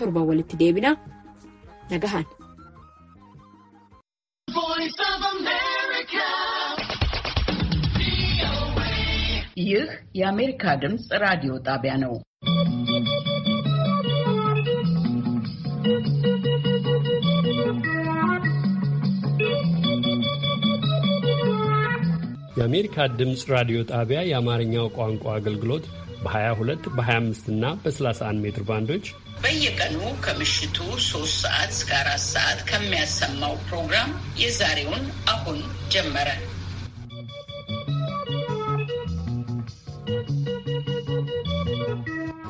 torba walitti deebina nagahan. ይህ የአሜሪካ ድምፅ ራዲዮ ጣቢያ ነው። የአሜሪካ ድምፅ ራዲዮ ጣቢያ የአማርኛው ቋንቋ አገልግሎት በ22 በ25 እና በ31 ሜትር ባንዶች በየቀኑ ከምሽቱ 3 ሰዓት እስከ 4 ሰዓት ከሚያሰማው ፕሮግራም የዛሬውን አሁን ጀመረ።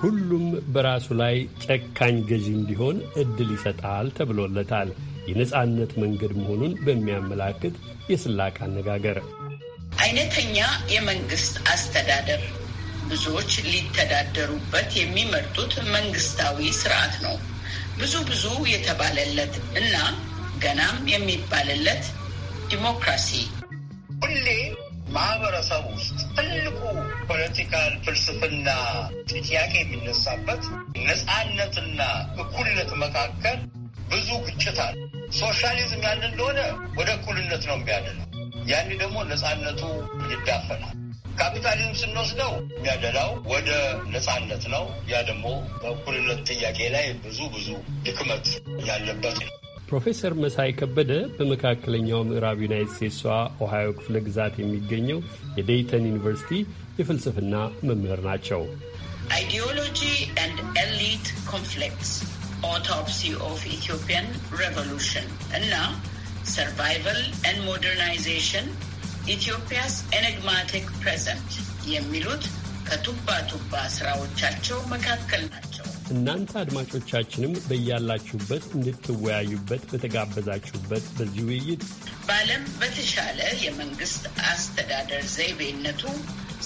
ሁሉም በራሱ ላይ ጨካኝ ገዢ እንዲሆን እድል ይሰጣል ተብሎለታል። የነጻነት መንገድ መሆኑን በሚያመላክት የስላቅ አነጋገር አይነተኛ የመንግስት አስተዳደር ብዙዎች ሊተዳደሩበት የሚመርጡት መንግስታዊ ስርዓት ነው። ብዙ ብዙ የተባለለት እና ገናም የሚባልለት ዲሞክራሲ ሁሌ ማህበረሰብ ውስጥ ትልቁ ፖለቲካል ፍልስፍና ጥያቄ የሚነሳበት ነፃነትና እኩልነት መካከል ብዙ ግጭት አለ። ሶሻሊዝም ያን እንደሆነ ወደ እኩልነት ነው የሚያደለው። ያኔ ደግሞ ነፃነቱ ይዳፈናል። ካፒታልን ስንወስደው የሚያደላው ወደ ነፃነት ነው። ያ ደግሞ በእኩልነት ጥያቄ ላይ ብዙ ብዙ ድክመት ያለበት ነው። ፕሮፌሰር መሳይ ከበደ በመካከለኛው ምዕራብ ዩናይት ስቴትሷ ኦሃዮ ክፍለ ግዛት የሚገኘው የዴይተን ዩኒቨርሲቲ የፍልስፍና መምህር ናቸው። አይዲዮሎጂ ኤንድ ኤሊት ኮንፍሊክትስ ኦቶፕሲ ኦፍ ኢትዮጵያን ሬቮሉሽን እና ሰርቫይቫል ኤንድ ሞደርናይዜሽን ኢትዮጵያስ ኤንግማቲክ ፕሬዘንት የሚሉት ከቱባ ቱባ ስራዎቻቸው መካከል ናቸው። እናንተ አድማጮቻችንም በያላችሁበት እንድትወያዩበት በተጋበዛችሁበት በዚህ ውይይት በዓለም በተሻለ የመንግስት አስተዳደር ዘይቤነቱ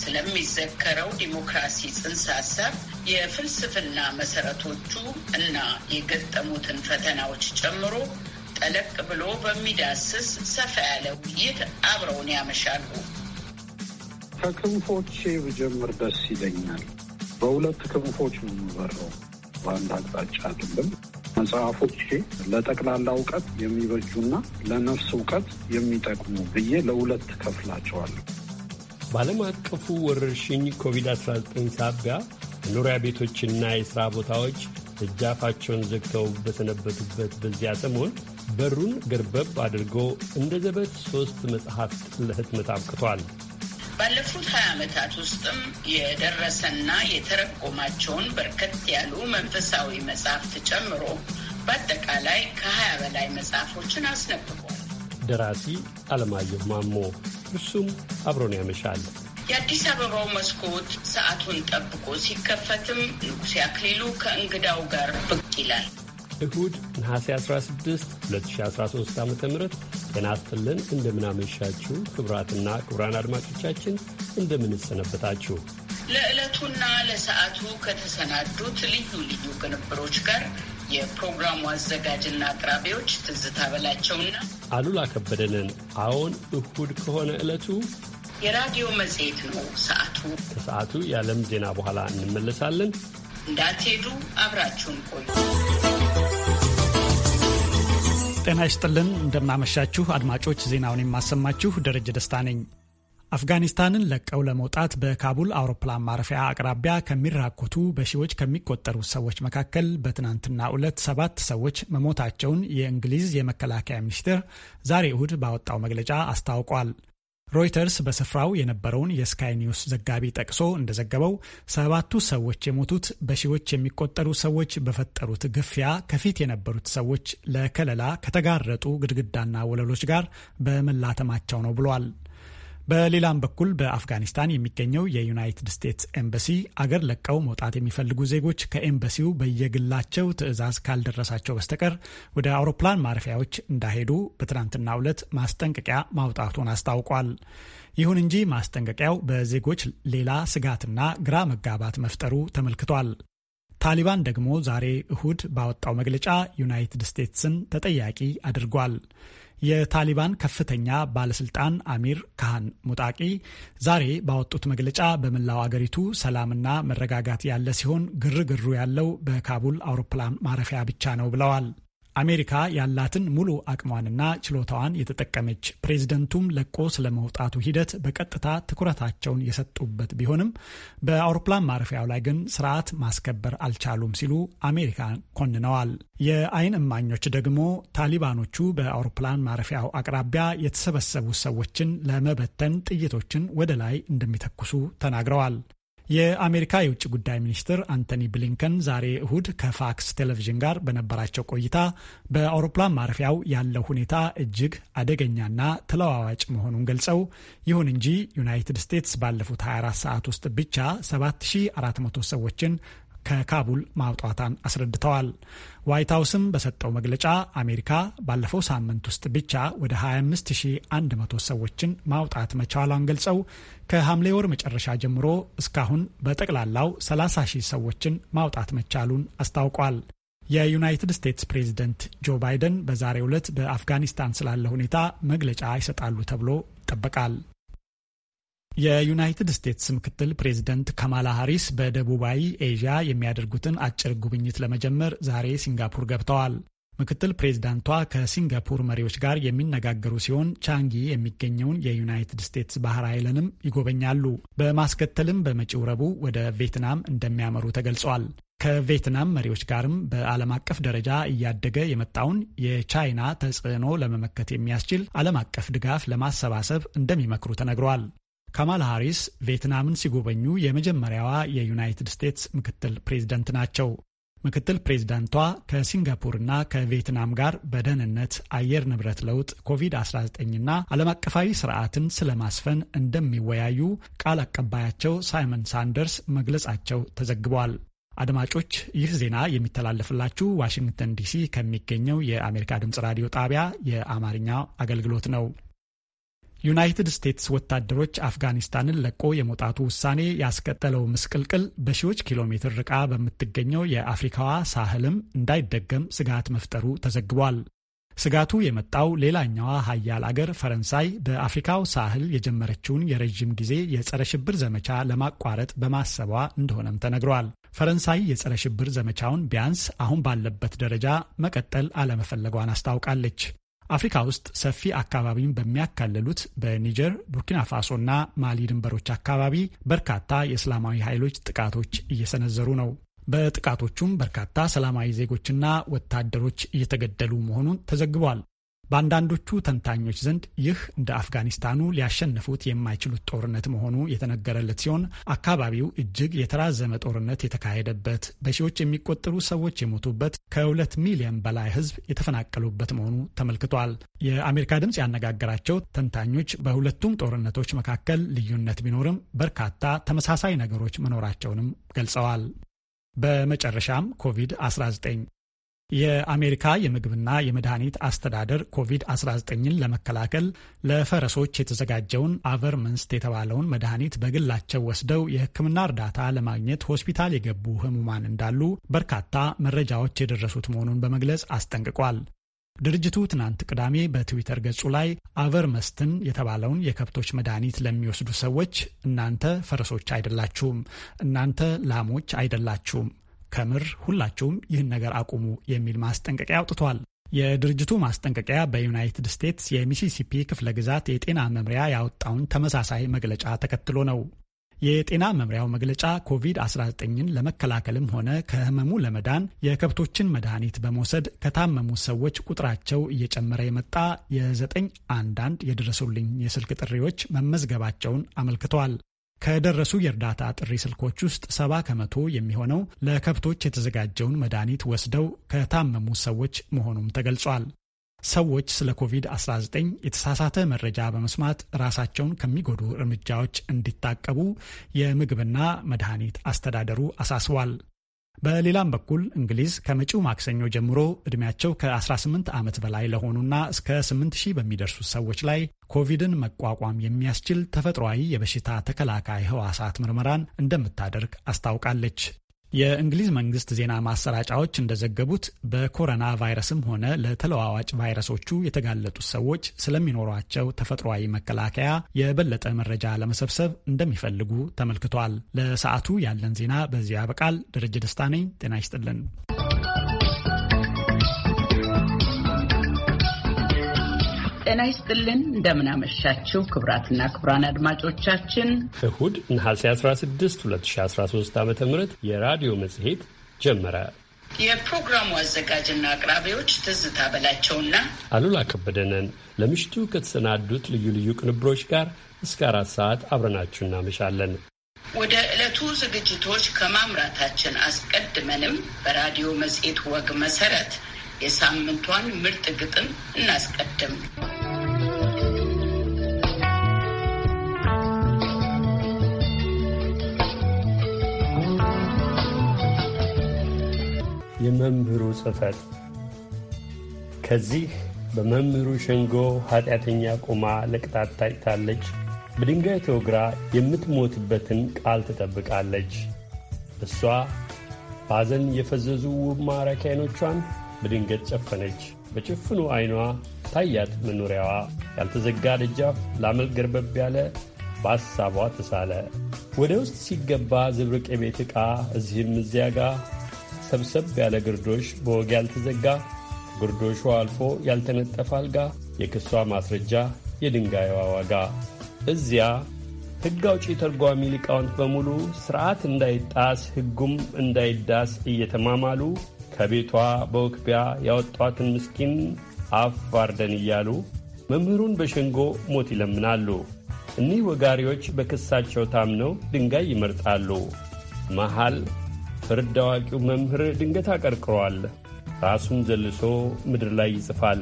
ስለሚዘከረው ዲሞክራሲ ጽንሰ ሀሳብ የፍልስፍና መሰረቶቹ እና የገጠሙትን ፈተናዎች ጨምሮ ጠለቅ ብሎ በሚዳስስ ሰፋ ያለ ውይይት አብረውን ያመሻሉ። ከክንፎቼ ብጀምር ደስ ይለኛል። በሁለት ክንፎች ነው የምበረው፣ በአንድ አቅጣጫ አይደለም። መጽሐፎቼ ለጠቅላላ እውቀት የሚበጁና ለነፍስ እውቀት የሚጠቅሙ ብዬ ለሁለት ከፍላቸዋለሁ። በዓለም አቀፉ ወረርሽኝ ኮቪድ-19 ሳቢያ መኖሪያ ቤቶችና የሥራ ቦታዎች እጃፋቸውን ዘግተው በሰነበቱበት በዚያ ሰሞን በሩን ገርበብ አድርጎ እንደ ዘበት ሶስት መጽሐፍ ለህትመት አብቅቷል። ባለፉት ሀያ ዓመታት ውስጥም የደረሰና የተረጎማቸውን በርከት ያሉ መንፈሳዊ መጽሐፍት ጨምሮ በአጠቃላይ ከሀያ በላይ መጽሐፎችን አስነብቧል። ደራሲ አለማየሁ ማሞ እሱም አብሮን ያመሻል። የአዲስ አበባው መስኮት ሰዓቱን ጠብቆ ሲከፈትም ንጉሴ አክሊሉ ከእንግዳው ጋር ብቅ ይላል። እሁድ ነሐሴ 16 2013 ዓ ም ጤና ይስጥልን። እንደምናመሻችሁ ክቡራትና ክቡራን አድማጮቻችን እንደምንሰነበታችሁ። ለዕለቱና ለሰዓቱ ከተሰናዱት ልዩ ልዩ ቅንብሮች ጋር የፕሮግራሙ አዘጋጅና አቅራቢዎች ትዝታ በላቸውና አሉላ ከበደንን። አዎን እሁድ ከሆነ ዕለቱ የራዲዮ መጽሔት ነው። ሰዓቱ ከሰዓቱ የዓለም ዜና በኋላ እንመለሳለን። እንዳትሄዱ አብራችሁን ቆዩ። ጤና ይስጥልን እንደምናመሻችሁ አድማጮች፣ ዜናውን የማሰማችሁ ደረጀ ደስታ ነኝ። አፍጋኒስታንን ለቀው ለመውጣት በካቡል አውሮፕላን ማረፊያ አቅራቢያ ከሚራኮቱ በሺዎች ከሚቆጠሩ ሰዎች መካከል በትናንትና ዕለት ሰባት ሰዎች መሞታቸውን የእንግሊዝ የመከላከያ ሚኒስቴር ዛሬ እሁድ ባወጣው መግለጫ አስታውቋል። ሮይተርስ በስፍራው የነበረውን የስካይ ኒውስ ዘጋቢ ጠቅሶ እንደዘገበው ሰባቱ ሰዎች የሞቱት በሺዎች የሚቆጠሩ ሰዎች በፈጠሩት ግፊያ ከፊት የነበሩት ሰዎች ለከለላ ከተጋረጡ ግድግዳና ወለሎች ጋር በመላተማቸው ነው ብሏል። በሌላም በኩል በአፍጋኒስታን የሚገኘው የዩናይትድ ስቴትስ ኤምባሲ አገር ለቀው መውጣት የሚፈልጉ ዜጎች ከኤምባሲው በየግላቸው ትዕዛዝ ካልደረሳቸው በስተቀር ወደ አውሮፕላን ማረፊያዎች እንዳሄዱ በትናንትናው ዕለት ማስጠንቀቂያ ማውጣቱን አስታውቋል። ይሁን እንጂ ማስጠንቀቂያው በዜጎች ሌላ ስጋትና ግራ መጋባት መፍጠሩ ተመልክቷል። ታሊባን ደግሞ ዛሬ እሁድ ባወጣው መግለጫ ዩናይትድ ስቴትስን ተጠያቂ አድርጓል። የታሊባን ከፍተኛ ባለስልጣን አሚር ካህን ሙጣቂ ዛሬ ባወጡት መግለጫ በመላው አገሪቱ ሰላምና መረጋጋት ያለ ሲሆን ግርግሩ ያለው በካቡል አውሮፕላን ማረፊያ ብቻ ነው ብለዋል። አሜሪካ ያላትን ሙሉ አቅሟንና ችሎታዋን የተጠቀመች፣ ፕሬዝደንቱም ለቆ ስለመውጣቱ ሂደት በቀጥታ ትኩረታቸውን የሰጡበት ቢሆንም በአውሮፕላን ማረፊያው ላይ ግን ስርዓት ማስከበር አልቻሉም ሲሉ አሜሪካን ኮንነዋል። የአይን እማኞች ደግሞ ታሊባኖቹ በአውሮፕላን ማረፊያው አቅራቢያ የተሰበሰቡ ሰዎችን ለመበተን ጥይቶችን ወደ ላይ እንደሚተኩሱ ተናግረዋል። የአሜሪካ የውጭ ጉዳይ ሚኒስትር አንቶኒ ብሊንከን ዛሬ እሁድ ከፋክስ ቴሌቪዥን ጋር በነበራቸው ቆይታ በአውሮፕላን ማረፊያው ያለው ሁኔታ እጅግ አደገኛና ተለዋዋጭ መሆኑን ገልጸው ይሁን እንጂ ዩናይትድ ስቴትስ ባለፉት 24 ሰዓት ውስጥ ብቻ 7400 ሰዎችን ከካቡል ማውጣቷን አስረድተዋል። ዋይት ሀውስም በሰጠው መግለጫ አሜሪካ ባለፈው ሳምንት ውስጥ ብቻ ወደ 25100 ሰዎችን ማውጣት መቻሏን ገልጸው ከሐምሌ ወር መጨረሻ ጀምሮ እስካሁን በጠቅላላው 30 ሰዎችን ማውጣት መቻሉን አስታውቋል። የዩናይትድ ስቴትስ ፕሬዝደንት ጆ ባይደን በዛሬው ዕለት በአፍጋኒስታን ስላለ ሁኔታ መግለጫ ይሰጣሉ ተብሎ ይጠበቃል። የዩናይትድ ስቴትስ ምክትል ፕሬዚደንት ካማላ ሃሪስ በደቡባዊ ኤዥያ የሚያደርጉትን አጭር ጉብኝት ለመጀመር ዛሬ ሲንጋፑር ገብተዋል። ምክትል ፕሬዚዳንቷ ከሲንጋፑር መሪዎች ጋር የሚነጋገሩ ሲሆን ቻንጊ የሚገኘውን የዩናይትድ ስቴትስ ባህር ኃይልንም ይጎበኛሉ። በማስከተልም በመጪው ረቡዕ ወደ ቪየትናም እንደሚያመሩ ተገልጿል። ከቪየትናም መሪዎች ጋርም በዓለም አቀፍ ደረጃ እያደገ የመጣውን የቻይና ተጽዕኖ ለመመከት የሚያስችል ዓለም አቀፍ ድጋፍ ለማሰባሰብ እንደሚመክሩ ተነግሯል። ካማል ሃሪስ ቪየትናምን ሲጎበኙ የመጀመሪያዋ የዩናይትድ ስቴትስ ምክትል ፕሬዝደንት ናቸው። ምክትል ፕሬዝዳንቷ ከሲንጋፖርና ከቪየትናም ጋር በደህንነት አየር ንብረት ለውጥ፣ ኮቪድ-19ና ዓለም አቀፋዊ ስርዓትን ስለማስፈን እንደሚወያዩ ቃል አቀባያቸው ሳይመን ሳንደርስ መግለጻቸው ተዘግቧል። አድማጮች፣ ይህ ዜና የሚተላለፍላችሁ ዋሽንግተን ዲሲ ከሚገኘው የአሜሪካ ድምጽ ራዲዮ ጣቢያ የአማርኛ አገልግሎት ነው። ዩናይትድ ስቴትስ ወታደሮች አፍጋኒስታንን ለቆ የመውጣቱ ውሳኔ ያስቀጠለው ምስቅልቅል በሺዎች ኪሎ ሜትር ርቃ በምትገኘው የአፍሪካዋ ሳህልም እንዳይደገም ስጋት መፍጠሩ ተዘግቧል። ስጋቱ የመጣው ሌላኛዋ ሀያል አገር ፈረንሳይ በአፍሪካው ሳህል የጀመረችውን የረዥም ጊዜ የጸረ ሽብር ዘመቻ ለማቋረጥ በማሰቧ እንደሆነም ተነግሯል። ፈረንሳይ የጸረ ሽብር ዘመቻውን ቢያንስ አሁን ባለበት ደረጃ መቀጠል አለመፈለጓን አስታውቃለች። አፍሪካ ውስጥ ሰፊ አካባቢን በሚያካልሉት በኒጀር፣ ቡርኪና ፋሶ እና ማሊ ድንበሮች አካባቢ በርካታ የእስላማዊ ኃይሎች ጥቃቶች እየሰነዘሩ ነው። በጥቃቶቹም በርካታ ሰላማዊ ዜጎችና ወታደሮች እየተገደሉ መሆኑን ተዘግቧል። በአንዳንዶቹ ተንታኞች ዘንድ ይህ እንደ አፍጋኒስታኑ ሊያሸንፉት የማይችሉት ጦርነት መሆኑ የተነገረለት ሲሆን አካባቢው እጅግ የተራዘመ ጦርነት የተካሄደበት፣ በሺዎች የሚቆጠሩ ሰዎች የሞቱበት፣ ከሁለት ሚሊዮን በላይ ሕዝብ የተፈናቀሉበት መሆኑ ተመልክቷል። የአሜሪካ ድምፅ ያነጋገራቸው ተንታኞች በሁለቱም ጦርነቶች መካከል ልዩነት ቢኖርም በርካታ ተመሳሳይ ነገሮች መኖራቸውንም ገልጸዋል። በመጨረሻም ኮቪድ-19 የአሜሪካ የምግብና የመድኃኒት አስተዳደር ኮቪድ-19ን ለመከላከል ለፈረሶች የተዘጋጀውን አቨር ምንስት የተባለውን መድኃኒት በግላቸው ወስደው የሕክምና እርዳታ ለማግኘት ሆስፒታል የገቡ ህሙማን እንዳሉ በርካታ መረጃዎች የደረሱት መሆኑን በመግለጽ አስጠንቅቋል። ድርጅቱ ትናንት ቅዳሜ በትዊተር ገጹ ላይ አቨር መስትን የተባለውን የከብቶች መድኃኒት ለሚወስዱ ሰዎች እናንተ ፈረሶች አይደላችሁም፣ እናንተ ላሞች አይደላችሁም ከምር ሁላችሁም ይህን ነገር አቁሙ የሚል ማስጠንቀቂያ አውጥቷል። የድርጅቱ ማስጠንቀቂያ በዩናይትድ ስቴትስ የሚሲሲፒ ክፍለ ግዛት የጤና መምሪያ ያወጣውን ተመሳሳይ መግለጫ ተከትሎ ነው። የጤና መምሪያው መግለጫ ኮቪድ-19ን ለመከላከልም ሆነ ከህመሙ ለመዳን የከብቶችን መድኃኒት በመውሰድ ከታመሙ ሰዎች ቁጥራቸው እየጨመረ የመጣ የዘጠኝ አንዳንድ የደረሱልኝ የስልክ ጥሪዎች መመዝገባቸውን አመልክተዋል። ከደረሱ የእርዳታ ጥሪ ስልኮች ውስጥ ሰባ ከመቶ የሚሆነው ለከብቶች የተዘጋጀውን መድኃኒት ወስደው ከታመሙ ሰዎች መሆኑም ተገልጿል። ሰዎች ስለ ኮቪድ-19 የተሳሳተ መረጃ በመስማት ራሳቸውን ከሚጎዱ እርምጃዎች እንዲታቀቡ የምግብና መድኃኒት አስተዳደሩ አሳስቧል። በሌላም በኩል እንግሊዝ ከመጪው ማክሰኞ ጀምሮ ዕድሜያቸው ከ18 ዓመት በላይ ለሆኑና እስከ 8000 በሚደርሱ ሰዎች ላይ ኮቪድን መቋቋም የሚያስችል ተፈጥሯዊ የበሽታ ተከላካይ ህዋሳት ምርመራን እንደምታደርግ አስታውቃለች። የእንግሊዝ መንግስት ዜና ማሰራጫዎች እንደዘገቡት በኮሮና ቫይረስም ሆነ ለተለዋዋጭ ቫይረሶቹ የተጋለጡት ሰዎች ስለሚኖሯቸው ተፈጥሯዊ መከላከያ የበለጠ መረጃ ለመሰብሰብ እንደሚፈልጉ ተመልክቷል። ለሰዓቱ ያለን ዜና በዚያ ያበቃል። ደረጀ ደስታ ነኝ። ጤና ይስጥልን። ጤና ይስጥልን። እንደምናመሻችው ክቡራትና ክቡራን አድማጮቻችን እሁድ ነሐሴ 16 2013 ዓ ም የራዲዮ መጽሔት ጀመረ። የፕሮግራሙ አዘጋጅና አቅራቢዎች ትዝታ በላቸውና አሉላ ከበደነን ለምሽቱ ከተሰናዱት ልዩ ልዩ ቅንብሮች ጋር እስከ አራት ሰዓት አብረናችሁ እናመሻለን። ወደ ዕለቱ ዝግጅቶች ከማምራታችን አስቀድመንም በራዲዮ መጽሔት ወግ መሰረት የሳምንቷን ምርጥ ግጥም እናስቀድም። የመምህሩ ጽፈት ከዚህ በመምህሩ ሸንጎ ኃጢአተኛ ቁማ ለቅጣት ታጭታለች። በድንጋይ ተወግራ የምትሞትበትን ቃል ትጠብቃለች። እሷ ባዘን የፈዘዙ ውብ ማራኪ ዐይኖቿን በድንገት ጨፈነች። በጭፍኑ ዐይኗ ታያት መኖሪያዋ ያልተዘጋ ደጃፍ ላመልጥ ገርበብ ያለ በሐሳቧ ተሳለ። ወደ ውስጥ ሲገባ ዝብርቅ የቤት ዕቃ እዚህም እዚያ ጋር ሰብሰብ ያለ ግርዶሽ በወግ ያልተዘጋ ግርዶሹ አልፎ ያልተነጠፈ አልጋ የክሷ ማስረጃ የድንጋይዋ ዋጋ እዚያ ሕግ አውጪ ተርጓሚ ሊቃውንት በሙሉ ሥርዓት እንዳይጣስ ሕጉም እንዳይዳስ እየተማማሉ ከቤቷ በውክቢያ ያወጧትን ምስኪን አፋርደን እያሉ መምህሩን በሸንጎ ሞት ይለምናሉ። እኒህ ወጋሪዎች በክሳቸው ታምነው ድንጋይ ይመርጣሉ። መሐል ፍርድ አዋቂው መምህር ድንገት አቀርቅሯል። ራሱን ዘልሶ ምድር ላይ ይጽፋል።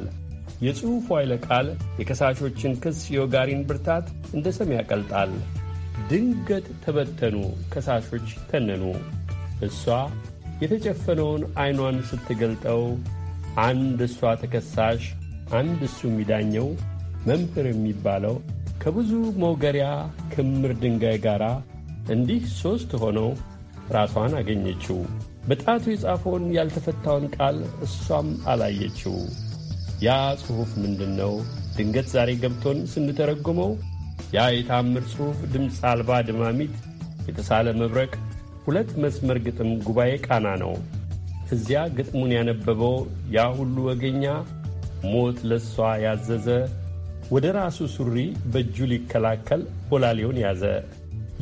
የጽሑፉ ኃይለ ቃል የከሳሾችን ክስ የወጋሪን ብርታት እንደ ሰም ያቀልጣል። ድንገት ተበተኑ ከሳሾች ተነኑ። እሷ የተጨፈነውን ዐይኗን ስትገልጠው አንድ እሷ ተከሳሽ አንድ እሱ የሚዳኘው መምህር የሚባለው ከብዙ መውገሪያ ክምር ድንጋይ ጋር እንዲህ ሦስት ሆነው ራሷን አገኘችው። በጣቱ የጻፈውን ያልተፈታውን ቃል እሷም አላየችው። ያ ጽሑፍ ምንድን ነው? ድንገት ዛሬ ገብቶን ስንተረጉመው ያ የታምር ጽሑፍ ድምፅ አልባ ድማሚት፣ የተሳለ መብረቅ፣ ሁለት መስመር ግጥም ጉባኤ ቃና ነው። እዚያ ግጥሙን ያነበበው ያ ሁሉ ወገኛ ሞት ለሷ ያዘዘ ወደ ራሱ ሱሪ በእጁ ሊከላከል ቦላሌውን ያዘ።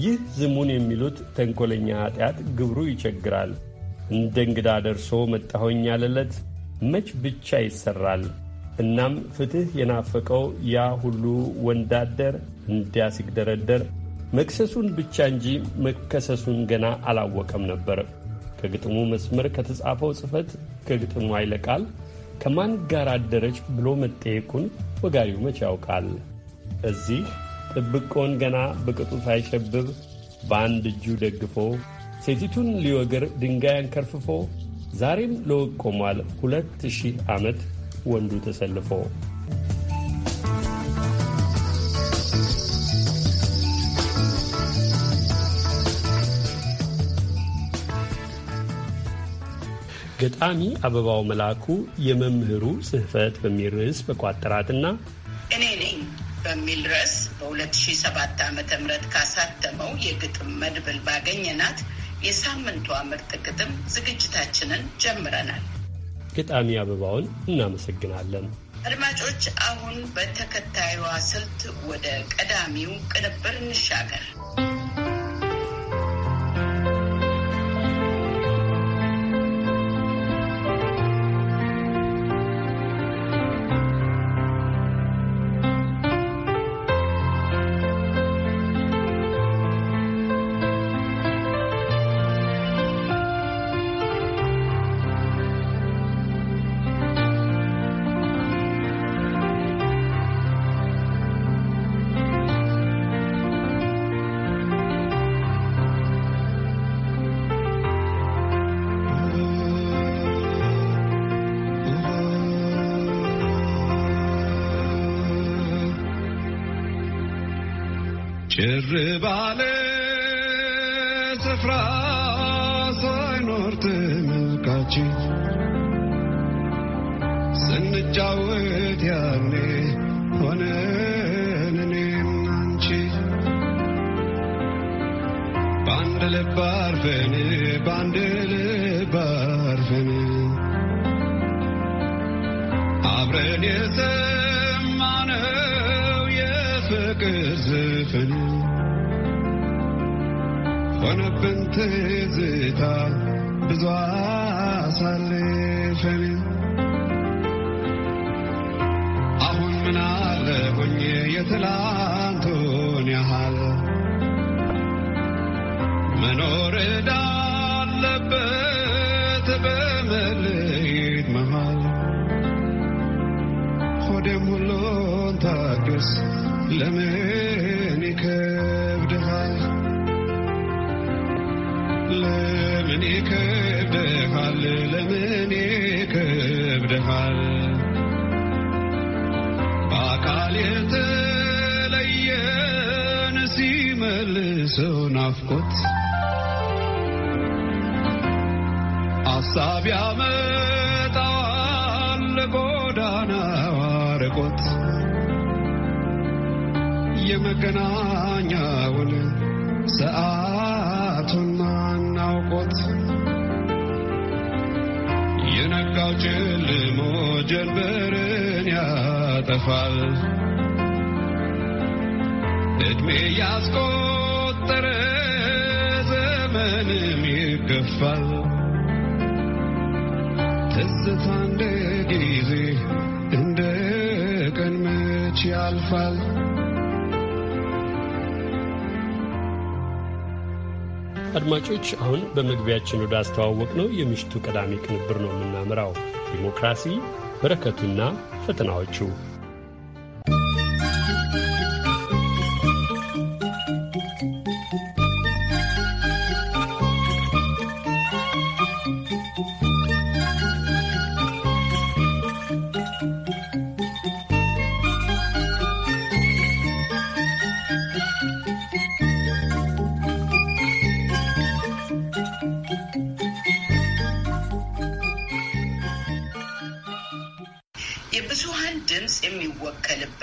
ይህ ዝሙን የሚሉት ተንኮለኛ ኃጢአት ግብሩ ይቸግራል። እንደ እንግዳ ደርሶ መጣሆኝ ያለለት መች ብቻ ይሰራል። እናም ፍትሕ የናፈቀው ያ ሁሉ ወንዳደር እንዲያ ሲግደረደር መክሰሱን ብቻ እንጂ መከሰሱን ገና አላወቀም ነበር። ከግጥሙ መስመር ከተጻፈው ጽሕፈት ከግጥሙ አይለቃል ከማን ጋር አደረች ብሎ መጠየቁን ወጋሪው መች ያውቃል። እዚህ ጥብቆን ገና በቅጡ ሳይሸብብ በአንድ እጁ ደግፎ ሴቲቱን ሊወግር ድንጋይ አንከርፍፎ ዛሬም ለወግ ቆሟል ሁለት ሺህ ዓመት ወንዱ ተሰልፎ። ገጣሚ አበባው መላኩ የመምህሩ ጽሕፈት በሚል ርዕስ በቋጠራትና እኔ ነኝ በሚል ርዕስ በ2007 ዓ ም ካሳተመው የግጥም መድብል ባገኘናት የሳምንቷ ምርጥ ግጥም ዝግጅታችንን ጀምረናል። ገጣሚ አበባውን እናመሰግናለን። አድማጮች፣ አሁን በተከታዩዋ ስልት ወደ ቀዳሚው ቅንብር እንሻገር። ምርር ባለ ስፍራ ሳይኖር ተመልካች ስንጫወት ያኔ ሆነን እኔም ልብ አርፈን ባንድ ልብ አርፈን አብረን የሰማነው የፍቅር ዘፈን ሆነብን ትዝታ ብዙ አሳልፈን አሁን ምን አለሁኝ የትላንቱን ያህል መኖር ዳለበት በመለየት መሃል ሆዴም ሁሉን ታግስ ለምን መስኮት አሳቢ ያመጣል ጎዳና አርቆት የመገናኛውን ሰዓቱን ማናውቆት የነጋው ጨልሞ ጀንበርን ያጠፋል እድሜ ያስቆጠረ ቀንም ይገፋል ትዝታ እንደ ጊዜ እንደ ቀን መች ያልፋል። አድማጮች አሁን በመግቢያችን ወደ አስተዋወቅ ነው የምሽቱ ቀዳሚ ቅንብር ነው የምናምራው ዲሞክራሲ በረከቱና ፈተናዎቹ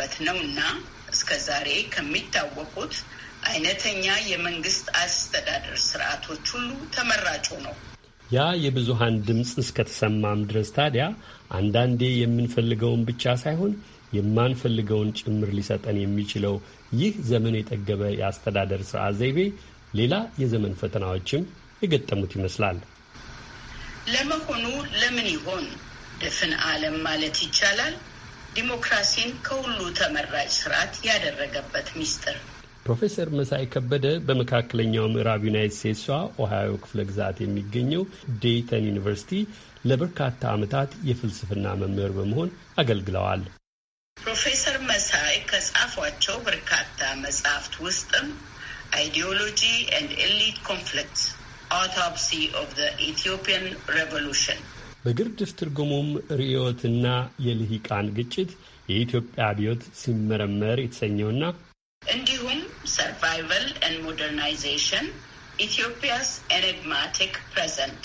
ያለበት ነው እና እስከ ዛሬ ከሚታወቁት አይነተኛ የመንግስት አስተዳደር ስርዓቶች ሁሉ ተመራጩ ነው። ያ የብዙሃን ድምፅ እስከተሰማም ድረስ ታዲያ አንዳንዴ የምንፈልገውን ብቻ ሳይሆን የማንፈልገውን ጭምር ሊሰጠን የሚችለው ይህ ዘመን የጠገበ የአስተዳደር ስርዓት ዘይቤ ሌላ የዘመን ፈተናዎችም የገጠሙት ይመስላል። ለመሆኑ ለምን ይሆን ድፍን ዓለም ማለት ይቻላል ዲሞክራሲን ከሁሉ ተመራጭ ስርዓት ያደረገበት ሚስጥር። ፕሮፌሰር መሳይ ከበደ በመካከለኛው ምዕራብ ዩናይት ስቴትሷ ኦሃዮ ክፍለ ግዛት የሚገኘው ዴይተን ዩኒቨርሲቲ ለበርካታ ዓመታት የፍልስፍና መምህር በመሆን አገልግለዋል። ፕሮፌሰር መሳይ ከጻፏቸው በርካታ መጽሐፍት ውስጥም አይዲዮሎጂ ኤንድ ኤሊት ኮንፍሊክት አውቶፕሲ ኦፍ ዘ ኢትዮጵያን ሬቮሉሽን በግርድፍ ትርጉሙም ርዕዮትና የልሂቃን ግጭት የኢትዮጵያ አብዮት ሲመረመር የተሰኘውና እንዲሁም ሰርቫይቫል ኤንድ ሞደርናይዜሽን ኢትዮጵያስ ኤንግማቲክ ፕሬዘንት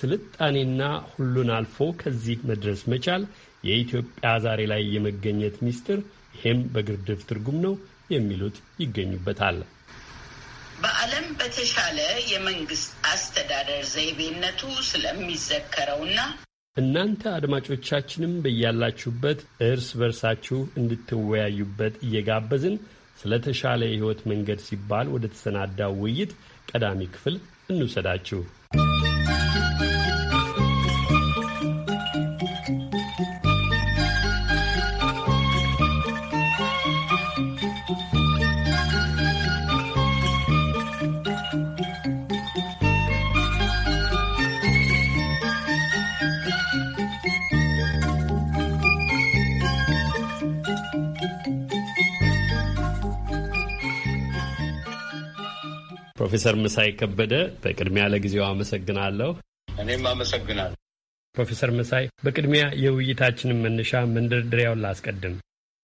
ስልጣኔና ሁሉን አልፎ ከዚህ መድረስ መቻል የኢትዮጵያ ዛሬ ላይ የመገኘት ሚስጥር፣ ይህም በግርድፍ ትርጉም ነው የሚሉት ይገኙበታል። በዓለም በተሻለ የመንግስት አስተዳደር ዘይቤነቱ ስለሚዘከረውና እናንተ አድማጮቻችንም በያላችሁበት እርስ በርሳችሁ እንድትወያዩበት እየጋበዝን ስለተሻለ የህይወት መንገድ ሲባል ወደ ተሰናዳው ውይይት ቀዳሚ ክፍል እንውሰዳችሁ። ፕሮፌሰር መሳይ ከበደ በቅድሚያ ለጊዜው አመሰግናለሁ። እኔም አመሰግናለሁ። ፕሮፌሰር መሳይ በቅድሚያ የውይይታችንን መነሻ መንደርደሪያውን ላስቀድም።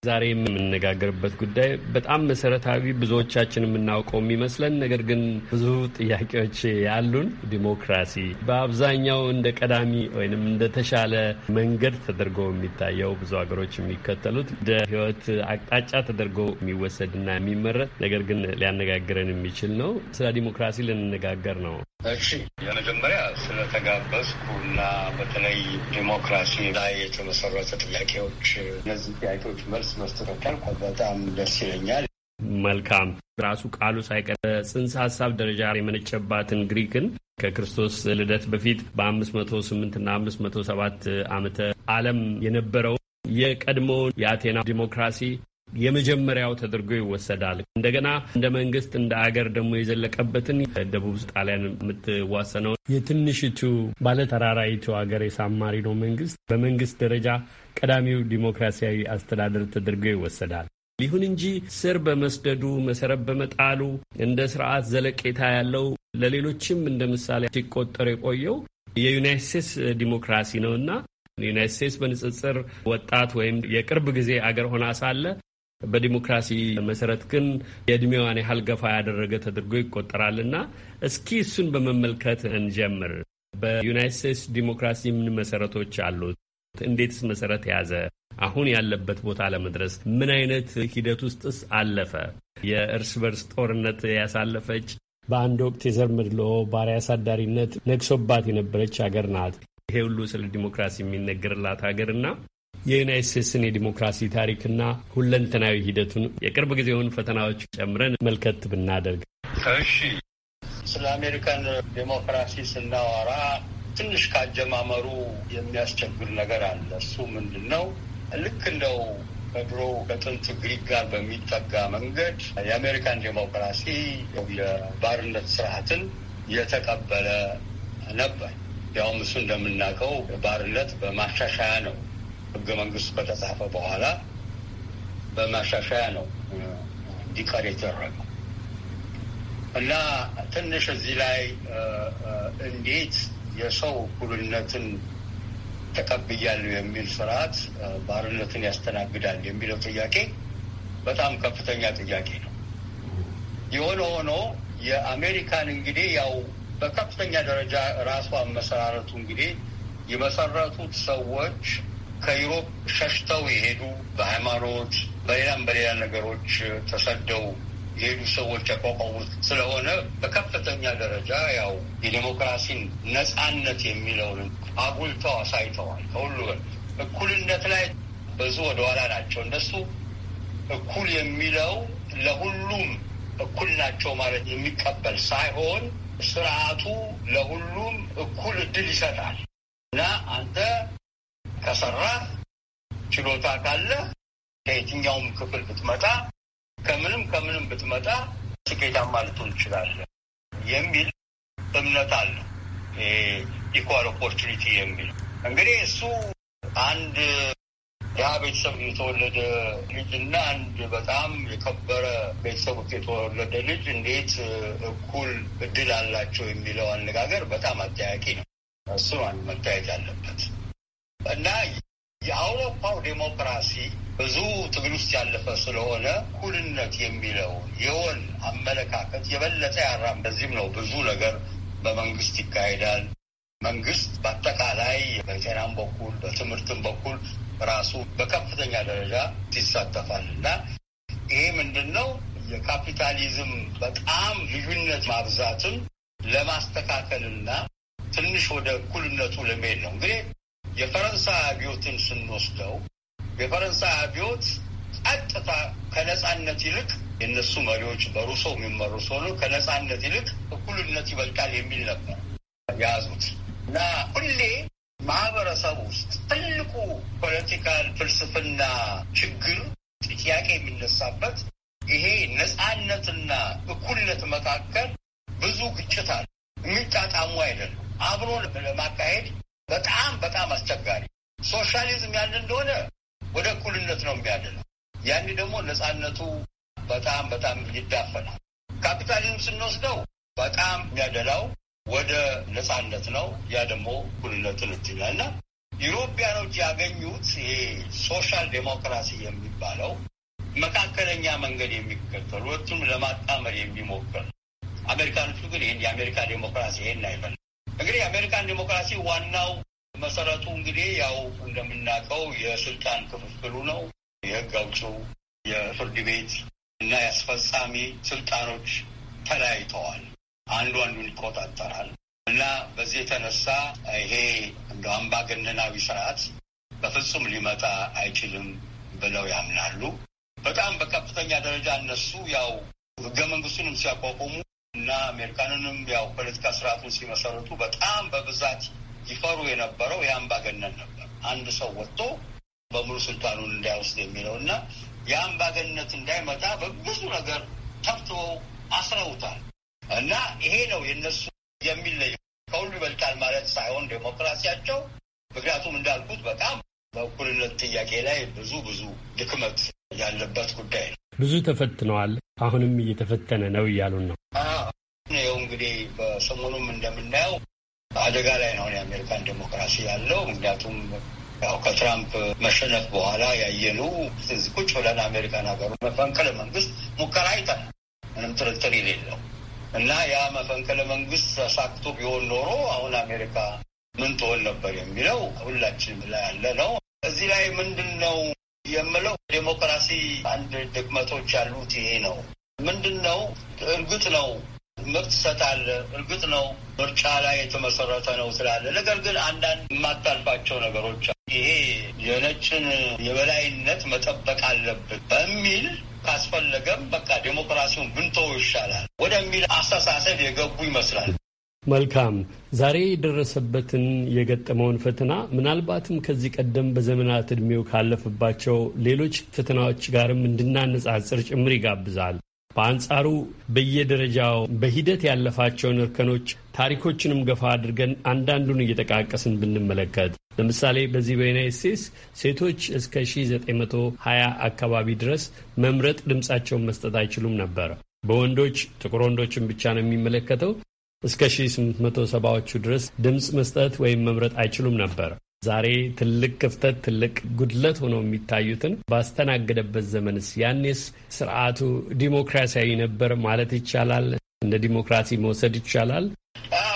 ዛሬ የምንነጋገርበት ጉዳይ በጣም መሰረታዊ ብዙዎቻችን የምናውቀው የሚመስለን ነገር ግን ብዙ ጥያቄዎች ያሉን ዲሞክራሲ በአብዛኛው እንደ ቀዳሚ ወይም እንደ ተሻለ መንገድ ተደርጎ የሚታየው ብዙ ሀገሮች የሚከተሉት እንደ ህይወት አቅጣጫ ተደርጎ የሚወሰድና የሚመረጥ ነገር ግን ሊያነጋግረን የሚችል ነው። ስለ ዲሞክራሲ ልንነጋገር ነው። እሺ የመጀመሪያ ስለተጋበዝኩ እና በተለይ ዲሞክራሲ ላይ የተመሰረተ ጥያቄዎች እነዚህ ጥያቄዎች መልስ ትምህርት በቀልኩ በጣም ደስ ይለኛል። መልካም ራሱ ቃሉ ሳይቀር ጽንሰ ሀሳብ ደረጃ የመነጨባትን ግሪክን ከክርስቶስ ልደት በፊት በ508 እና 507 ዓመተ ዓለም የነበረው የቀድሞውን የአቴና ዲሞክራሲ የመጀመሪያው ተደርጎ ይወሰዳል። እንደገና እንደ መንግስት እንደ አገር ደግሞ የዘለቀበትን ደቡብ ጣሊያን የምትዋሰነው የትንሽቱ ባለተራራዊቱ ሀገር የሳማሪኖ መንግስት በመንግስት ደረጃ ቀዳሚው ዲሞክራሲያዊ አስተዳደር ተደርጎ ይወሰዳል። ይሁን እንጂ ስር በመስደዱ መሰረት በመጣሉ እንደ ስርዓት ዘለቄታ ያለው ለሌሎችም እንደ ምሳሌ ሲቆጠር የቆየው የዩናይት ስቴትስ ዲሞክራሲ ነው እና ዩናይት ስቴትስ በንጽጽር ወጣት ወይም የቅርብ ጊዜ አገር ሆና ሳለ በዲሞክራሲ መሰረት ግን የእድሜዋን ያህል ገፋ ያደረገ ተደርጎ ይቆጠራል እና እስኪ እሱን በመመልከት እንጀምር። በዩናይት ስቴትስ ዲሞክራሲ ምን መሰረቶች አሉት? እንዴትስ መሰረት የያዘ አሁን ያለበት ቦታ ለመድረስ ምን አይነት ሂደት ውስጥስ አለፈ? የእርስ በርስ ጦርነት ያሳለፈች በአንድ ወቅት የዘር መድሎ ባሪያ አሳዳሪነት ነግሶባት የነበረች ሀገር ናት። ይሄ ሁሉ ስለ ዲሞክራሲ የሚነገርላት ሀገርና የዩናይት ስቴትስን የዲሞክራሲ ታሪክና ሁለንተናዊ ሂደቱን የቅርብ ጊዜውን ፈተናዎች ጨምረን መልከት ብናደርግ እሺ። ስለ አሜሪካን ዲሞክራሲ ስናወራ ትንሽ ካጀማመሩ የሚያስቸግር ነገር አለ። እሱ ምንድን ነው? ልክ እንደው ከድሮ ከጥንት ግሪክ ጋር በሚጠጋ መንገድ የአሜሪካን ዴሞክራሲ የባርነት ስርዓትን የተቀበለ ነበር። ያውም እሱ እንደምናውቀው ባርነት በማሻሻያ ነው። ህገ መንግስቱ ከተጻፈ በኋላ በማሻሻያ ነው እንዲቀር የተደረገው እና ትንሽ እዚህ ላይ እንዴት የሰው እኩልነትን ተቀብያለሁ የሚል ስርዓት ባርነትን ያስተናግዳል የሚለው ጥያቄ በጣም ከፍተኛ ጥያቄ ነው። የሆነ ሆኖ የአሜሪካን እንግዲህ ያው በከፍተኛ ደረጃ ራሷ መሰራረቱ እንግዲህ የመሰረቱት ሰዎች ከዩሮፕ ሸሽተው የሄዱ በሃይማኖት፣ በሌላም በሌላ ነገሮች ተሰደው የሄዱ ሰዎች ያቋቋሙት ስለሆነ በከፍተኛ ደረጃ ያው የዴሞክራሲን ነጻነት የሚለውን አጉልተው አሳይተዋል። ከሁሉ እኩልነት ላይ ብዙ ወደኋላ ናቸው እነሱ። እኩል የሚለው ለሁሉም እኩል ናቸው ማለት የሚቀበል ሳይሆን ስርዓቱ ለሁሉም እኩል እድል ይሰጣል እና አንተ ከሰራህ ችሎታ ካለ ከየትኛውም ክፍል ብትመጣ ከምንም ከምንም ብትመጣ ስኬታማ ልትሆን ትችላለህ የሚል እምነት አለ። ኢኳል ኦፖርቹኒቲ የሚል እንግዲህ እሱ አንድ ያ ቤተሰብ የተወለደ ልጅ እና አንድ በጣም የከበረ ቤተሰብ ውስጥ የተወለደ ልጅ እንዴት እኩል እድል አላቸው የሚለው አነጋገር በጣም አጠያቂ ነው። እሱ አንድ መታየት ያለበት እና የአውሮፓው ዴሞክራሲ ብዙ ትግል ውስጥ ያለፈ ስለሆነ እኩልነት የሚለው የወን አመለካከት የበለጠ ያራም። በዚህም ነው ብዙ ነገር በመንግስት ይካሄዳል። መንግስት በአጠቃላይ በጤናም በኩል በትምህርትም በኩል ራሱ በከፍተኛ ደረጃ ይሳተፋል እና ይሄ ምንድን ነው የካፒታሊዝም በጣም ልዩነት ማብዛትን ለማስተካከልና ትንሽ ወደ እኩልነቱ ለመሄድ ነው እንግዲህ የፈረንሳይ አብዮትን ስንወስደው የፈረንሳይ አብዮት ቀጥታ ከነጻነት ይልቅ የእነሱ መሪዎች በሩሶ የሚመሩ ሲሆኑ ከነጻነት ይልቅ እኩልነት ይበልጣል የሚል ነበር የያዙት እና ሁሌ ማህበረሰብ ውስጥ ትልቁ ፖለቲካል ፍልስፍና ችግር ጥያቄ የሚነሳበት ይሄ ነጻነትና እኩልነት መካከል ብዙ ግጭት አለ። የሚጣጣሙ አይደለም። አብሮ ለማካሄድ በጣም በጣም አስቸጋሪ። ሶሻሊዝም ያን እንደሆነ ወደ እኩልነት ነው የሚያደለው። ያን ደግሞ ነጻነቱ በጣም በጣም ይዳፈናል። ካፒታሊዝም ስንወስደው በጣም የሚያደላው ወደ ነጻነት ነው። ያ ደግሞ እኩልነትን እትኛል እና ዩሮፒያኖች ያገኙት ይሄ ሶሻል ዴሞክራሲ የሚባለው መካከለኛ መንገድ የሚከተል ሁለቱም ለማጣመር የሚሞክር አሜሪካኖቹ ግን ይህን የአሜሪካ ዴሞክራሲ ይሄን አይፈልም። እንግዲህ የአሜሪካን ዲሞክራሲ ዋናው መሰረቱ እንግዲህ ያው እንደምናውቀው የስልጣን ክፍፍሉ ነው። የህግ አውጪው፣ የፍርድ ቤት እና የአስፈጻሚ ስልጣኖች ተለያይተዋል። አንዱ አንዱን ይቆጣጠራል እና በዚህ የተነሳ ይሄ እንደ አምባገነናዊ ስርዓት በፍጹም ሊመጣ አይችልም ብለው ያምናሉ። በጣም በከፍተኛ ደረጃ እነሱ ያው ህገ መንግስቱንም ሲያቋቁሙ እና አሜሪካንንም ያው ፖለቲካ ስርዓቱን ሲመሰረቱ በጣም በብዛት ይፈሩ የነበረው የአምባገነን ነበር። አንድ ሰው ወጥቶ በሙሉ ስልጣኑን እንዳይወስድ የሚለው እና የአምባገነንነት እንዳይመጣ በብዙ ነገር ተፍትወው አስረውታል። እና ይሄ ነው የነሱ የሚለየው ከሁሉ ይበልጣል ማለት ሳይሆን ዴሞክራሲያቸው ምክንያቱም እንዳልኩት በጣም በእኩልነት ጥያቄ ላይ ብዙ ብዙ ድክመት ያለበት ጉዳይ ነው። ብዙ ተፈትነዋል፣ አሁንም እየተፈተነ ነው እያሉን ነው። አዎ ይኸው እንግዲህ በሰሞኑም እንደምናየው አደጋ ላይ ነው የአሜሪካን ዴሞክራሲ ያለው። ምክንያቱም ያው ከትራምፕ መሸነፍ በኋላ ያየኑ ቁጭ ብለን አሜሪካን ሀገሩ መፈንቅለ መንግስት ሙከራ አይተን ምንም ጥርጥር የሌለው እና ያ መፈንቅለ መንግስት ተሳክቶ ቢሆን ኖሮ አሁን አሜሪካ ምን ትሆን ነበር የሚለው ሁላችን ላይ ያለ ነው። እዚህ ላይ ምንድን ነው የምለው ዴሞክራሲ አንድ ድክመቶች ያሉት ይሄ ነው። ምንድን ነው እርግጥ ነው ምርት ሰጣል። እርግጥ ነው ምርጫ ላይ የተመሰረተ ነው ስላለ፣ ነገር ግን አንዳንድ የማታልፋቸው ነገሮች ይሄ የነጭን የበላይነት መጠበቅ አለብን በሚል ካስፈለገም በቃ ዴሞክራሲውን ብንተው ይሻላል ወደሚል አስተሳሰብ የገቡ ይመስላል። መልካም። ዛሬ የደረሰበትን የገጠመውን ፈተና ምናልባትም ከዚህ ቀደም በዘመናት እድሜው ካለፈባቸው ሌሎች ፈተናዎች ጋርም እንድናነጻጽር ጭምር ይጋብዛል። በአንጻሩ በየደረጃው በሂደት ያለፋቸውን እርከኖች ታሪኮችንም ገፋ አድርገን አንዳንዱን እየጠቃቀስን ብንመለከት ለምሳሌ በዚህ በዩናይት ስቴትስ ሴቶች እስከ 1920 አካባቢ ድረስ መምረጥ ድምፃቸውን መስጠት አይችሉም ነበር። በወንዶች ጥቁር ወንዶችን ብቻ ነው የሚመለከተው። እስከ 1870ዎቹ ድረስ ድምፅ መስጠት ወይም መምረጥ አይችሉም ነበር። ዛሬ ትልቅ ክፍተት፣ ትልቅ ጉድለት ሆነው የሚታዩትን ባስተናገደበት ዘመንስ ያኔስ ስርዓቱ ዲሞክራሲያዊ ነበር ማለት ይቻላል? እንደ ዲሞክራሲ መውሰድ ይቻላል?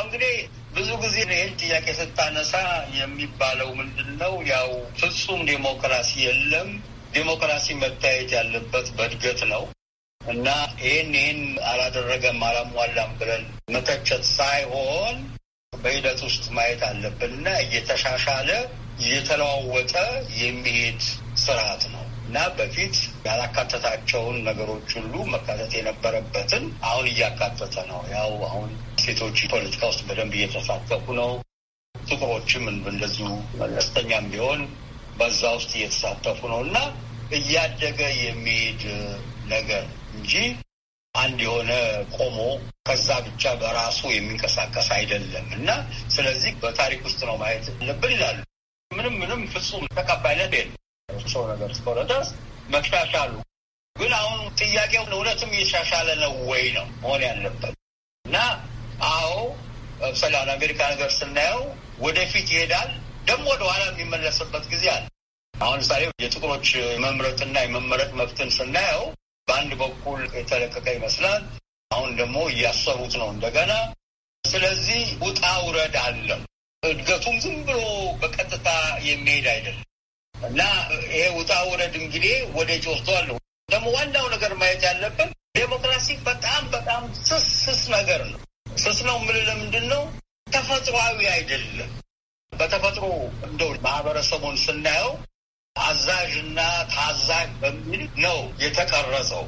እንግዲህ ብዙ ጊዜ ይህን ጥያቄ ስታነሳ የሚባለው ምንድን ነው? ያው ፍጹም ዲሞክራሲ የለም። ዲሞክራሲ መታየት ያለበት በእድገት ነው እና ይህን ይህን አላደረገም አላሟላም ብለን መተቸት ሳይሆን በሂደት ውስጥ ማየት አለብን እና እየተሻሻለ እየተለዋወጠ የሚሄድ ስርዓት ነው እና በፊት ያላካተታቸውን ነገሮች ሁሉ መካተት የነበረበትን አሁን እያካተተ ነው። ያው አሁን ሴቶች ፖለቲካ ውስጥ በደንብ እየተሳተፉ ነው። ጥቁሮችም እንደዚሁ መለስተኛም ቢሆን በዛ ውስጥ እየተሳተፉ ነው እና እያደገ የሚሄድ ነገር እንጂ አንድ የሆነ ቆሞ ከዛ ብቻ በራሱ የሚንቀሳቀስ አይደለም እና ስለዚህ በታሪክ ውስጥ ነው ማየት አለብን ይላሉ። ምንም ምንም ፍጹም ተቀባይነት የለም ሰው ነገር እስከሆነ ድረስ መሻሻሉ አሉ። ግን አሁን ጥያቄው እውነትም እየሻሻለ ነው ወይ ነው መሆን ያለበት እና አዎ ምሳሌ አሜሪካ ነገር ስናየው ወደፊት ይሄዳል፣ ደግሞ ወደኋላ የሚመለስበት ጊዜ አለ። አሁን ምሳሌ የጥቁሮች መምረጥና የመመረጥ መብትን ስናየው በአንድ በኩል የተለቀቀ ይመስላል። አሁን ደግሞ እያሰሩት ነው እንደገና። ስለዚህ ውጣ ውረድ አለው። እድገቱም ዝም ብሎ በቀጥታ የሚሄድ አይደለም እና ይሄ ውጣ ውረድ እንግዲህ ወደ ጆርቶ አለው። ደግሞ ዋናው ነገር ማየት ያለብን ዴሞክራሲ በጣም በጣም ስስ ስስ ነገር ነው። ስስ ነው የምልህ ለምንድን ነው? ተፈጥሯዊ አይደለም። በተፈጥሮ እንደው ማህበረሰቡን ስናየው አዛዥና ታዛዥ በሚል ነው የተቀረጸው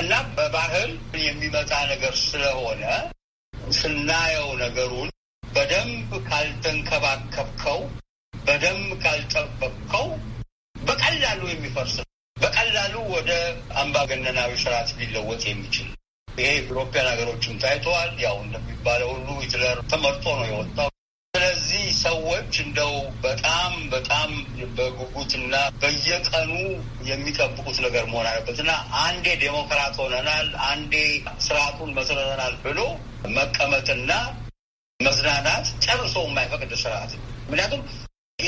እና በባህል የሚመጣ ነገር ስለሆነ ስናየው ነገሩን በደንብ ካልተንከባከብከው፣ በደንብ ካልጠበቅከው በቀላሉ የሚፈርስ በቀላሉ ወደ አምባገነናዊ ስርዓት ሊለወጥ የሚችል ይሄ ኢትዮጵያን ሀገሮችም ታይተዋል። ያው እንደሚባለው ሁሉ ሂትለር ተመርጦ ነው የወጣው። ስለዚህ ሰዎች እንደው በጣም በጣም በጉጉትና በየቀኑ የሚጠብቁት ነገር መሆን አለበት እና አንዴ ዴሞክራት ሆነናል፣ አንዴ ስርዓቱን መስረተናል ብሎ መቀመጥና መዝናናት ጨርሶ የማይፈቅድ ስርዓት ምክንያቱም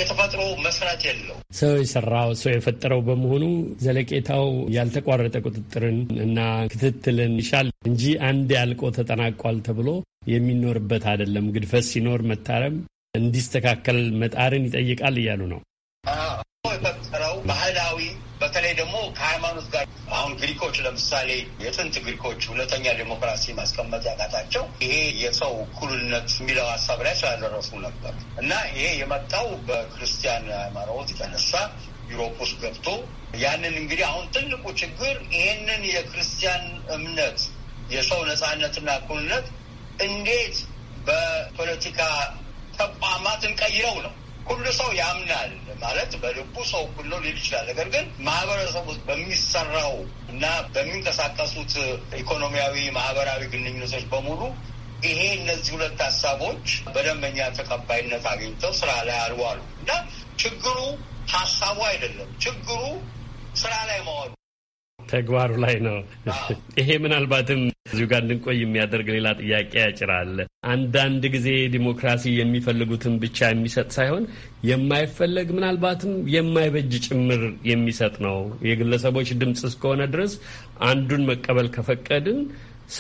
የተፈጥሮ መስራት የለው ሰው የሰራው ሰው የፈጠረው በመሆኑ ዘለቄታው ያልተቋረጠ ቁጥጥርን እና ክትትልን ይሻል እንጂ አንድ ያልቆ ተጠናቋል ተብሎ የሚኖርበት አይደለም። ግድፈት ሲኖር መታረም እንዲስተካከል መጣርን ይጠይቃል እያሉ ነው። የፈጠረው ባህላዊ በተለይ ደግሞ ከሃይማኖት ጋር አሁን ግሪኮች ለምሳሌ የጥንት ግሪኮች ሁለተኛ ዴሞክራሲ ማስቀመጥ ያቃታቸው ይሄ የሰው እኩልነት የሚለው ሀሳብ ላይ ስላደረሱ ነበር እና ይሄ የመጣው በክርስቲያን ሃይማኖት የተነሳ ዩሮፕ ውስጥ ገብቶ ያንን እንግዲህ አሁን ትልቁ ችግር ይህንን የክርስቲያን እምነት የሰው ነፃነትና እኩልነት እንዴት በፖለቲካ ተቋማትን ቀይረው ነው። ሁሉ ሰው ያምናል ማለት በልቡ ሰው ሁሉ ሊል ይችላል። ነገር ግን ማህበረሰብ ውስጥ በሚሰራው እና በሚንቀሳቀሱት ኢኮኖሚያዊ፣ ማህበራዊ ግንኙነቶች በሙሉ ይሄ እነዚህ ሁለት ሀሳቦች በደንበኛ ተቀባይነት አግኝተው ስራ ላይ አልዋሉ እና ችግሩ ሀሳቡ አይደለም፣ ችግሩ ስራ ላይ መዋሉ ተግባሩ ላይ ነው። ይሄ ምናልባትም እዚሁ ጋር እንድንቆይ የሚያደርግ ሌላ ጥያቄ ያጭራል። አንዳንድ ጊዜ ዲሞክራሲ የሚፈልጉትን ብቻ የሚሰጥ ሳይሆን የማይፈለግ ምናልባትም የማይበጅ ጭምር የሚሰጥ ነው። የግለሰቦች ድምፅ እስከሆነ ድረስ አንዱን መቀበል ከፈቀድን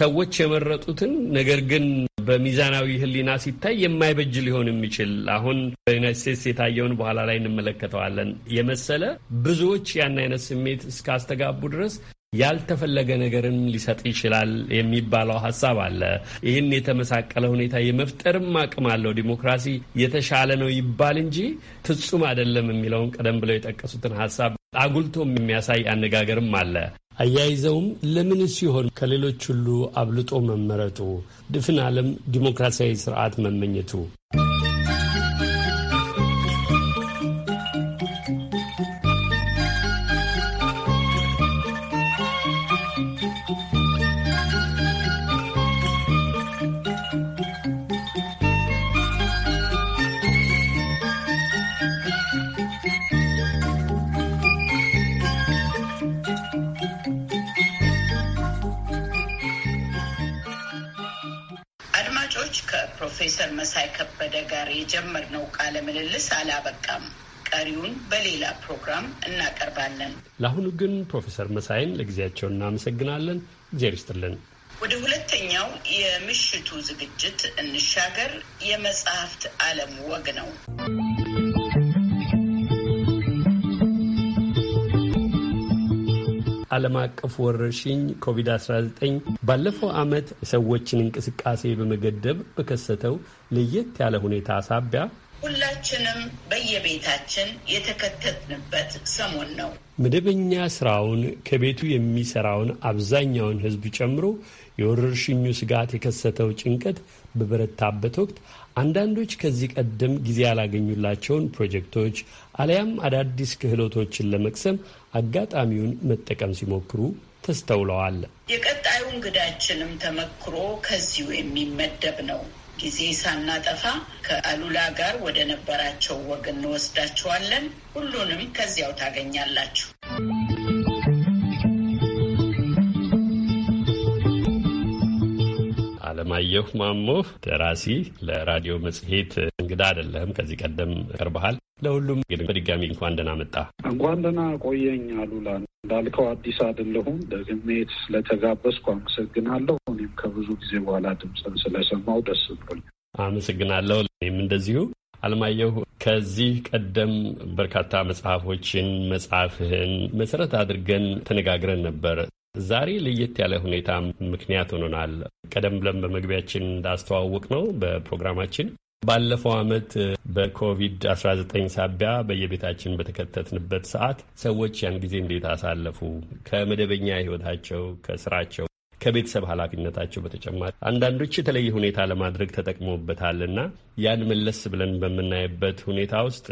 ሰዎች የመረጡትን ነገር ግን በሚዛናዊ ሕሊና ሲታይ የማይበጅ ሊሆን የሚችል አሁን በዩናይት ስቴትስ የታየውን በኋላ ላይ እንመለከተዋለን የመሰለ ብዙዎች ያን አይነት ስሜት እስካስተጋቡ ድረስ ያልተፈለገ ነገርን ሊሰጥ ይችላል የሚባለው ሀሳብ አለ። ይህን የተመሳቀለ ሁኔታ የመፍጠርም አቅም አለው። ዲሞክራሲ የተሻለ ነው ይባል እንጂ ፍጹም አይደለም የሚለውን ቀደም ብለው የጠቀሱትን ሀሳብ አጉልቶ የሚያሳይ አነጋገርም አለ። አያይዘውም ለምን ሲሆን ከሌሎች ሁሉ አብልጦ መመረጡ ድፍን ዓለም ዲሞክራሲያዊ ስርዓት መመኘቱ ጉዳዮች ከፕሮፌሰር መሳይ ከበደ ጋር የጀመርነው ቃለ ምልልስ አላበቃም። ቀሪውን በሌላ ፕሮግራም እናቀርባለን። ለአሁኑ ግን ፕሮፌሰር መሳይን ለጊዜያቸው እናመሰግናለን። እግዜር ይስጥልን። ወደ ሁለተኛው የምሽቱ ዝግጅት እንሻገር። የመጽሐፍት ዓለም ወግ ነው። ዓለም አቀፍ ወረርሽኝ ኮቪድ-19 ባለፈው ዓመት ሰዎችን እንቅስቃሴ በመገደብ በከሰተው ለየት ያለ ሁኔታ ሳቢያ ሁላችንም በየቤታችን የተከተትንበት ሰሞን ነው። መደበኛ ስራውን ከቤቱ የሚሰራውን አብዛኛውን ሕዝብ ጨምሮ የወረርሽኙ ስጋት የከሰተው ጭንቀት በበረታበት ወቅት አንዳንዶች ከዚህ ቀደም ጊዜ ያላገኙላቸውን ፕሮጀክቶች አሊያም አዳዲስ ክህሎቶችን ለመቅሰም አጋጣሚውን መጠቀም ሲሞክሩ ተስተውለዋል። የቀጣዩ እንግዳችንም ተመክሮ ከዚሁ የሚመደብ ነው። ጊዜ ሳናጠፋ ከአሉላ ጋር ወደ ነበራቸው ወግ እንወስዳችኋለን። ሁሉንም ከዚያው ታገኛላችሁ። አለማየሁ ማሞ ደራሲ፣ ለራዲዮ መጽሔት እንግዳ አይደለህም፣ ከዚህ ቀደም ቀርበሃል። ለሁሉም በድጋሚ እንኳን ደህና መጣ። እንኳን ደህና ቆየኝ አሉላ። እንዳልከው አዲስ አይደለሁም። ለግሜት ስለተጋበዝኩ አመሰግናለሁ። እኔም ከብዙ ጊዜ በኋላ ድምፅን ስለሰማው ደስ ብሎኝ አመሰግናለሁ። እኔም እንደዚሁ አለማየሁ ከዚህ ቀደም በርካታ መጽሐፎችን መጽሐፍህን መሰረት አድርገን ተነጋግረን ነበር። ዛሬ ለየት ያለ ሁኔታ ምክንያት ሆኖናል። ቀደም ብለን በመግቢያችን እንዳስተዋወቅ ነው በፕሮግራማችን ባለፈው ዓመት በኮቪድ-19 ሳቢያ በየቤታችን በተከተትንበት ሰዓት ሰዎች ያን ጊዜ እንዴት አሳለፉ? ከመደበኛ ሕይወታቸው፣ ከስራቸው፣ ከቤተሰብ ኃላፊነታቸው በተጨማሪ አንዳንዶች የተለየ ሁኔታ ለማድረግ ተጠቅሞበታልና ያን መለስ ብለን በምናይበት ሁኔታ ውስጥ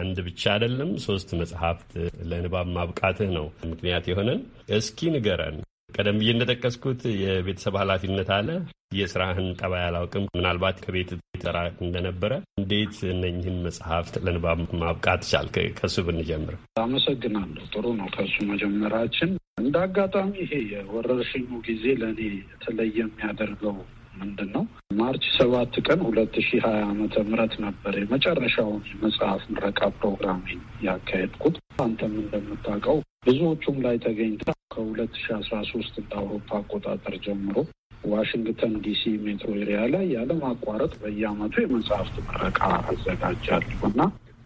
አንድ ብቻ አይደለም ሶስት መጽሐፍት ለንባብ ማብቃትህ ነው ምክንያት የሆነን። እስኪ ንገረን። ቀደም ብዬ እንደጠቀስኩት የቤተሰብ ኃላፊነት አለ። የስራህን ጠባይ አላውቅም። ምናልባት ከቤት ጠራ እንደነበረ እንዴት እነኝህን መጽሐፍት ለንባብ ማብቃት ቻልክ? ከሱ ብንጀምር። አመሰግናለሁ። ጥሩ ነው። ከሱ መጀመራችን እንደ አጋጣሚ ይሄ የወረርሽኙ ጊዜ ለእኔ የተለየ የሚያደርገው ምንድን ነው ማርች ሰባት ቀን ሁለት ሺ ሀያ ዓመተ ምህረት ነበር የመጨረሻውን መጽሐፍ ምረቃ ፕሮግራም ያካሄድኩት። አንተም እንደምታውቀው ብዙዎቹም ላይ ተገኝታ ከሁለት ሺ አስራ ሶስት እንደ አውሮፓ አቆጣጠር ጀምሮ ዋሽንግተን ዲሲ ሜትሮ ኤሪያ ላይ ያለማቋረጥ በየአመቱ የመጽሐፍት ምረቃ አዘጋጃለሁ እና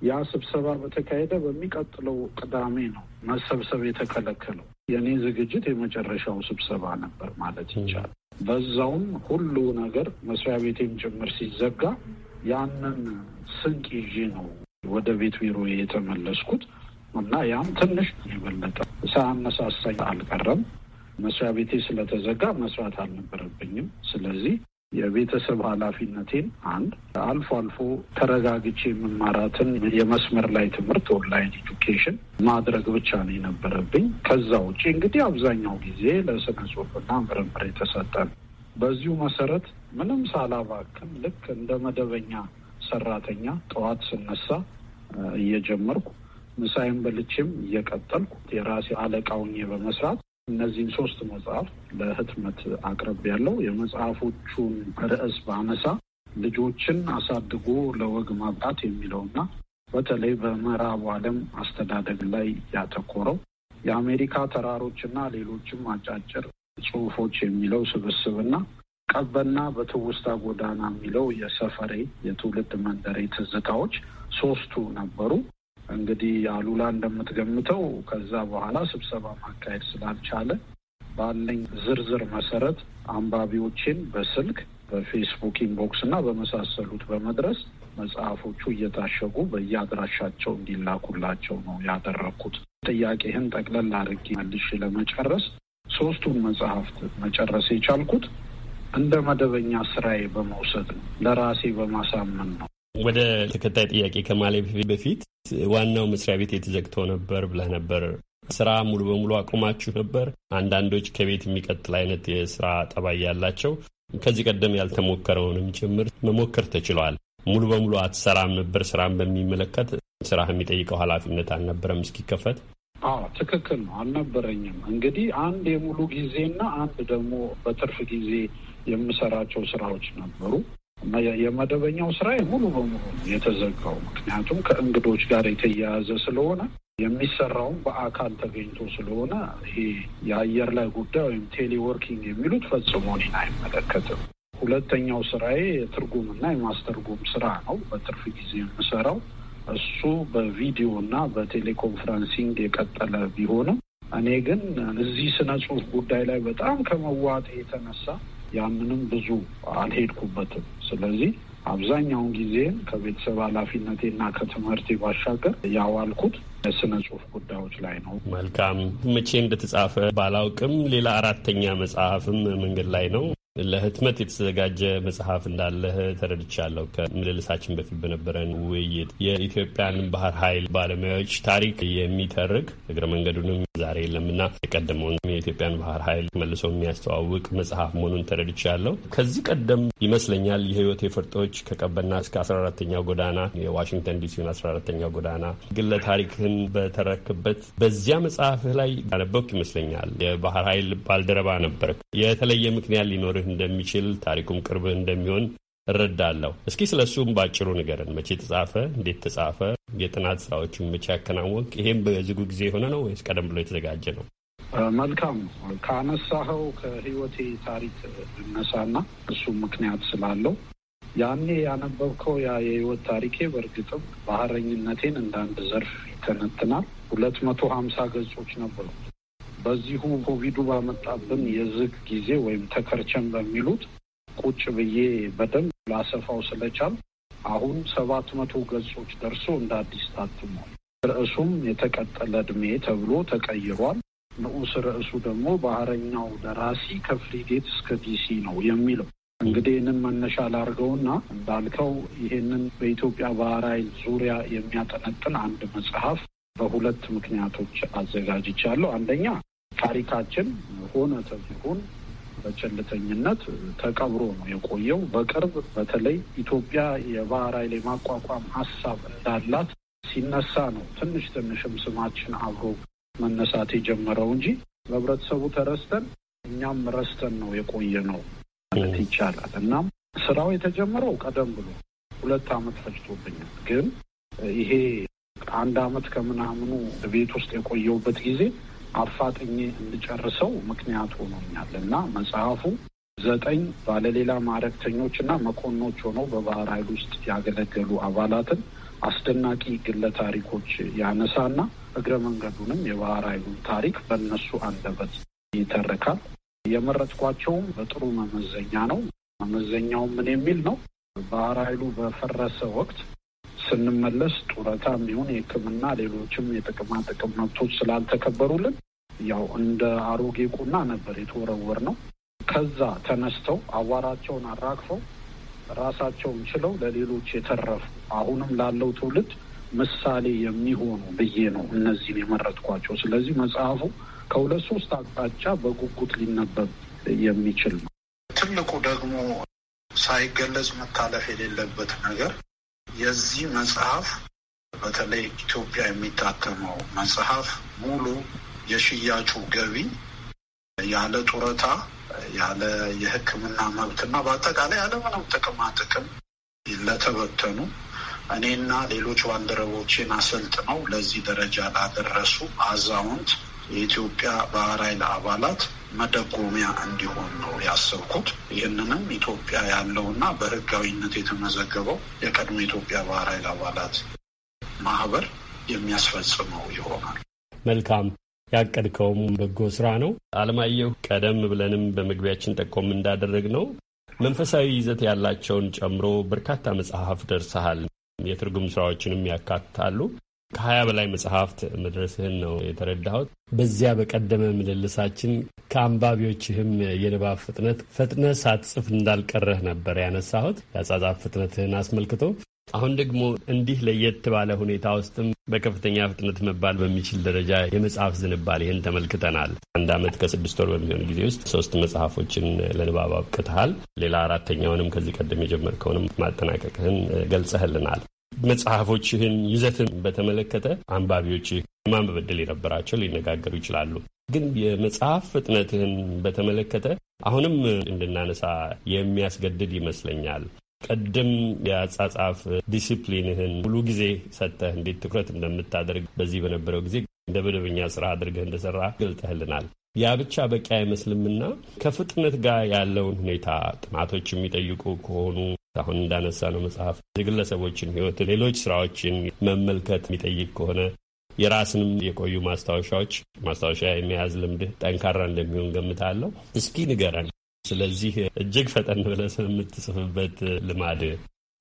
ያ ስብሰባ በተካሄደ በሚቀጥለው ቅዳሜ ነው መሰብሰብ የተከለከለው። የእኔ ዝግጅት የመጨረሻው ስብሰባ ነበር ማለት ይቻላል። በዛውም ሁሉ ነገር መስሪያ ቤቴም ጭምር ሲዘጋ ያንን ስንቅ ይዤ ነው ወደ ቤት ቢሮ የተመለስኩት እና ያም ትንሽ የበለጠ ሳያነሳሳኝ አልቀረም። መስሪያ ቤቴ ስለተዘጋ መስራት አልነበረብኝም። ስለዚህ የቤተሰብ ኃላፊነቴን አንድ አልፎ አልፎ ተረጋግቼ የምማራትን የመስመር ላይ ትምህርት ኦንላይን ኤዱኬሽን ማድረግ ብቻ ነው የነበረብኝ። ከዛ ውጭ እንግዲህ አብዛኛው ጊዜ ለስነ ጽሁፍና ምርምር የተሰጠ ነው። በዚሁ መሰረት ምንም ሳላባክን ልክ እንደ መደበኛ ሰራተኛ ጠዋት ስነሳ እየጀመርኩ ምሳዬን በልቼም እየቀጠልኩ የራሴ አለቃውኜ በመስራት እነዚህን ሶስት መጽሐፍ ለህትመት አቅርብ ያለው የመጽሐፎቹን ርዕስ በአነሳ ልጆችን አሳድጎ ለወግ ማብቃት የሚለውና በተለይ በምዕራቡ ዓለም አስተዳደግ ላይ ያተኮረው የአሜሪካ ተራሮችና ሌሎችም አጫጭር ጽሁፎች የሚለው ስብስብና ቀበና በትውስታ ጎዳና የሚለው የሰፈሬ የትውልድ መንደሬ ትዝታዎች ሶስቱ ነበሩ። እንግዲህ አሉላ እንደምትገምተው ከዛ በኋላ ስብሰባ ማካሄድ ስላልቻለ ባለኝ ዝርዝር መሰረት አንባቢዎችን በስልክ በፌስቡክ ኢንቦክስ እና በመሳሰሉት በመድረስ መጽሐፎቹ እየታሸጉ በየአድራሻቸው እንዲላኩላቸው ነው ያደረግኩት። ጥያቄህን ጠቅለል አድርጌ መልሼ ለመጨረስ ሶስቱን መጽሐፍት መጨረስ የቻልኩት እንደ መደበኛ ስራዬ በመውሰድ ነው፣ ለራሴ በማሳመን ነው። ወደ ተከታይ ጥያቄ ከማለፍ በፊት ዋናው መስሪያ ቤት የተዘግቶ ነበር ብለህ ነበር። ስራ ሙሉ በሙሉ አቁማችሁ ነበር። አንዳንዶች ከቤት የሚቀጥል አይነት የስራ ጠባይ ያላቸው ከዚህ ቀደም ያልተሞከረውንም ጭምር መሞከር ተችሏል። ሙሉ በሙሉ አትሰራም ነበር። ስራን በሚመለከት ስራ የሚጠይቀው ኃላፊነት አልነበረም እስኪከፈት። አዎ ትክክል ነው። አልነበረኝም። እንግዲህ አንድ የሙሉ ጊዜና አንድ ደግሞ በትርፍ ጊዜ የምሰራቸው ስራዎች ነበሩ። የመደበኛው ስራ ሙሉ በሙሉ የተዘጋው ምክንያቱም ከእንግዶች ጋር የተያያዘ ስለሆነ የሚሰራውን በአካል ተገኝቶ ስለሆነ ይሄ የአየር ላይ ጉዳይ ወይም ቴሌወርኪንግ የሚሉት ፈጽሞ እኔን አይመለከትም። ሁለተኛው ስራዬ የትርጉምና የማስተርጉም ስራ ነው። በትርፍ ጊዜ የምሰራው እሱ በቪዲዮ እና በቴሌኮንፈረንሲንግ የቀጠለ ቢሆንም እኔ ግን እዚህ ስነ ጽሁፍ ጉዳይ ላይ በጣም ከመዋጤ የተነሳ ያንንም ብዙ አልሄድኩበትም። ስለዚህ አብዛኛውን ጊዜ ከቤተሰብ ኃላፊነቴና ከትምህርቴ ባሻገር ያዋልኩት የስነ ጽሁፍ ጉዳዮች ላይ ነው። መልካም። መቼ እንደተጻፈ ባላውቅም ሌላ አራተኛ መጽሐፍም መንገድ ላይ ነው። ለህትመት የተዘጋጀ መጽሐፍ እንዳለህ ተረድቻለሁ። ከምልልሳችን በፊት በነበረን ውይይት የኢትዮጵያን ባህር ኃይል ባለሙያዎች ታሪክ የሚተርክ እግረ መንገዱንም ዛሬ የለምና የቀደመውን የኢትዮጵያን ባህር ኃይል መልሶ የሚያስተዋውቅ መጽሐፍ መሆኑን ተረድቻለሁ። ከዚህ ቀደም ይመስለኛል የህይወት ፈርጦች ከቀበና እስከ 14ተኛው ጎዳና የዋሽንግተን ዲሲን 14ተኛው ጎዳና ግለ ታሪክህን በተረክበት በዚያ መጽሐፍህ ላይ ያነበብክ ይመስለኛል። የባህር ኃይል ባልደረባ ነበር። የተለየ ምክንያት ሊኖርህ ሊያስተምርህ እንደሚችል ታሪኩም ቅርብህ እንደሚሆን እረዳለሁ። እስኪ ስለ እሱም ባጭሩ ንገረን። መቼ ተጻፈ? እንዴት ተጻፈ? የጥናት ስራዎችን መቼ ያከናወንክ? ይሄም በዝጉ ጊዜ የሆነ ነው ወይስ ቀደም ብሎ የተዘጋጀ ነው? መልካም ካነሳኸው ከህይወቴ ታሪክ እነሳና እሱ ምክንያት ስላለው ያኔ ያነበብከው ያ የህይወት ታሪኬ በእርግጥም ባህረኝነቴን እንደ አንድ ዘርፍ ይተነትናል። ሁለት መቶ ሀምሳ ገጾች ነበሩ። በዚሁ ኮቪዱ ባመጣብን የዝግ ጊዜ ወይም ተከርቸን በሚሉት ቁጭ ብዬ በደንብ ላሰፋው ስለቻል አሁን ሰባት መቶ ገጾች ደርሶ እንደ አዲስ ታትሟል። ርዕሱም የተቀጠለ እድሜ ተብሎ ተቀይሯል። ንዑስ ርዕሱ ደግሞ ባህረኛው ደራሲ ከፍሪጌት እስከ ዲሲ ነው የሚለው። እንግዲህ ይህንን መነሻ ላርገውና እንዳልከው ይህንን በኢትዮጵያ ባህር ኃይል ዙሪያ የሚያጠነጥን አንድ መጽሐፍ በሁለት ምክንያቶች አዘጋጅቻለሁ። አንደኛ ታሪካችን ሆነ ተሆን በቸልተኝነት ተቀብሮ ነው የቆየው። በቅርብ በተለይ ኢትዮጵያ የባህር ኃይል የማቋቋም ሀሳብ እንዳላት ሲነሳ ነው ትንሽ ትንሽም ስማችን አብሮ መነሳት የጀመረው እንጂ በህብረተሰቡ ተረስተን እኛም ረስተን ነው የቆየ ነው ማለት ይቻላል። እናም ስራው የተጀመረው ቀደም ብሎ ሁለት አመት ፈጅቶብኛል። ግን ይሄ አንድ አመት ከምናምኑ ቤት ውስጥ የቆየውበት ጊዜ አፋጥኜ እንድጨርሰው ምክንያት ሆኖኛል እና መጽሐፉ ዘጠኝ ባለሌላ ማረግተኞች እና መኮንኖች ሆነው በባህር ኃይል ውስጥ ያገለገሉ አባላትን አስደናቂ ግለ ታሪኮች ያነሳና እግረ መንገዱንም የባህር ኃይሉን ታሪክ በእነሱ አንደበት ይተረካል። የመረጥኳቸውም በጥሩ መመዘኛ ነው። መመዘኛው ምን የሚል ነው? ባህር ኃይሉ በፈረሰ ወቅት ስንመለስ ጡረታ የሚሆን የሕክምና ሌሎችም የጥቅማ ጥቅም መብቶች ስላልተከበሩልን ያው እንደ አሮጌ ቁና ነበር የተወረወር ነው። ከዛ ተነስተው አዋራቸውን አራግፈው ራሳቸውን ችለው ለሌሎች የተረፉ አሁንም ላለው ትውልድ ምሳሌ የሚሆኑ ብዬ ነው እነዚህን የመረጥኳቸው። ስለዚህ መጽሐፉ ከሁለት ሶስት አቅጣጫ በጉጉት ሊነበብ የሚችል ነው። ትልቁ ደግሞ ሳይገለጽ መታለፍ የሌለበት ነገር የዚህ መጽሐፍ በተለይ ኢትዮጵያ የሚታተመው መጽሐፍ ሙሉ የሽያጩ ገቢ ያለ ጡረታ ያለ የሕክምና መብትና በአጠቃላይ ያለምንም ጥቅማ ጥቅም ለተበተኑ እኔና ሌሎች ባልደረቦቼን አሰልጥነው ለዚህ ደረጃ ላደረሱ አዛውንት የኢትዮጵያ ባህር ኃይል አባላት መደጎሚያ እንዲሆን ነው ያሰብኩት። ይህንንም ኢትዮጵያ ያለውና በህጋዊነት የተመዘገበው የቀድሞ የኢትዮጵያ ባህር ኃይል አባላት ማህበር የሚያስፈጽመው ይሆናል። መልካም። ያቀድከውም በጎ ስራ ነው። አለማየሁ፣ ቀደም ብለንም በመግቢያችን ጠቆም እንዳደረግ ነው መንፈሳዊ ይዘት ያላቸውን ጨምሮ በርካታ መጽሐፍ ደርሰሃል። የትርጉም ስራዎችንም ያካትታሉ። ከሀያ በላይ መጽሐፍት መድረስህን ነው የተረዳሁት። በዚያ በቀደመ ምልልሳችን ከአንባቢዎችህም የንባብ ፍጥነት ፈጥነ ሳትጽፍ እንዳልቀረህ ነበር ያነሳሁት። የአጻጻፍ ፍጥነትህን አስመልክቶ አሁን ደግሞ እንዲህ ለየት ባለ ሁኔታ ውስጥም በከፍተኛ ፍጥነት መባል በሚችል ደረጃ የመጽሐፍ ዝንባል ይህን ተመልክተናል። አንድ ዓመት ከስድስት ወር በሚሆን ጊዜ ውስጥ ሶስት መጽሐፎችን ለንባብ አብቅተሃል። ሌላ አራተኛውንም ከዚህ ቀደም የጀመርከውንም ማጠናቀቅህን ገልጸህልናል። መጽሐፎችህን ይዘትን በተመለከተ አንባቢዎች የማንበብ ዕድል የነበራቸው ሊነጋገሩ ይችላሉ። ግን የመጽሐፍ ፍጥነትህን በተመለከተ አሁንም እንድናነሳ የሚያስገድድ ይመስለኛል። ቅድም የአጻጻፍ ዲሲፕሊንህን ሙሉ ጊዜ ሰጥተህ እንዴት ትኩረት እንደምታደርግ በዚህ በነበረው ጊዜ እንደ መደበኛ ስራ አድርገህ እንደሰራ ገልጠህልናል። ያ ብቻ በቂ አይመስልምና ከፍጥነት ጋር ያለውን ሁኔታ ጥናቶች የሚጠይቁ ከሆኑ አሁን እንዳነሳ ነው መጽሐፍ የግለሰቦችን ህይወት፣ ሌሎች ስራዎችን መመልከት የሚጠይቅ ከሆነ የራስንም የቆዩ ማስታወሻዎች ማስታወሻ የመያዝ ልምድህ ጠንካራ እንደሚሆን ገምታለሁ። እስኪ ንገረን ስለዚህ እጅግ ፈጠን ብለህ የምትጽፍበት ልማድ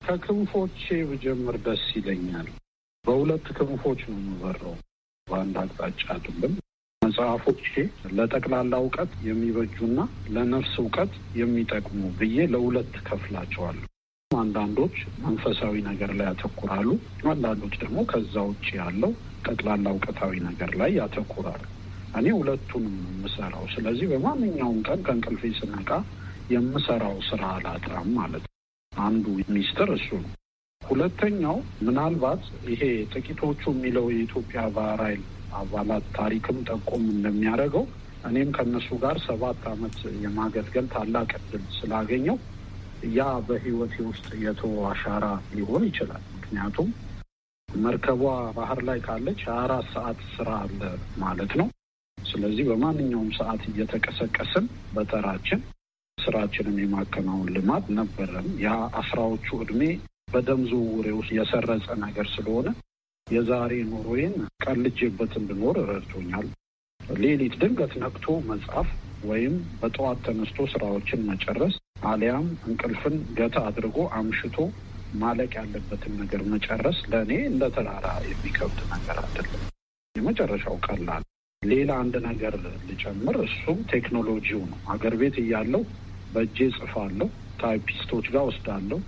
ከክንፎቼ ብጀምር ደስ ይለኛል። በሁለት ክንፎች ነው የምበረው፣ በአንድ አቅጣጫ አይደለም። መጽሐፎቼ ለጠቅላላ እውቀት የሚበጁና ለነፍስ እውቀት የሚጠቅሙ ብዬ ለሁለት ከፍላቸዋለሁ። አንዳንዶች መንፈሳዊ ነገር ላይ ያተኩራሉ፣ አንዳንዶች ደግሞ ከዛ ውጭ ያለው ጠቅላላ እውቀታዊ ነገር ላይ ያተኩራሉ። እኔ ሁለቱንም የምሰራው። ስለዚህ በማንኛውም ቀን ከእንቅልፌ ስነቃ የምሰራው ስራ አላጣም ማለት ነው። አንዱ ሚስጥር እሱ ነው። ሁለተኛው ምናልባት ይሄ ጥቂቶቹ የሚለው የኢትዮጵያ ባህር ኃይል አባላት ታሪክም ጠቆም እንደሚያደርገው እኔም ከእነሱ ጋር ሰባት ዓመት የማገልገል ታላቅ እድል ስላገኘው ያ በህይወቴ ውስጥ የተወ አሻራ ሊሆን ይችላል። ምክንያቱም መርከቧ ባህር ላይ ካለች አራት ሰዓት ስራ አለ ማለት ነው። ስለዚህ በማንኛውም ሰዓት እየተቀሰቀስን በተራችን ስራችንን የማከናወን ልማድ ነበረን። ያ አስራዎቹ እድሜ በደም ዝውውሬ ውስጥ የሰረጸ ነገር ስለሆነ የዛሬ ኑሮዬን ቀልጄበት እንድኖር ረድቶኛል። ሌሊት ድንገት ነቅቶ መጻፍ ወይም በጠዋት ተነስቶ ስራዎችን መጨረስ አሊያም እንቅልፍን ገታ አድርጎ አምሽቶ ማለቅ ያለበትን ነገር መጨረስ ለእኔ እንደ ተራራ የሚከብድ ነገር አይደለም። የመጨረሻው ቀላል ሌላ አንድ ነገር ልጨምር፣ እሱም ቴክኖሎጂው ነው። አገር ቤት እያለው በእጄ ጽፋለሁ፣ ታይፒስቶች ጋር ወስዳለሁ።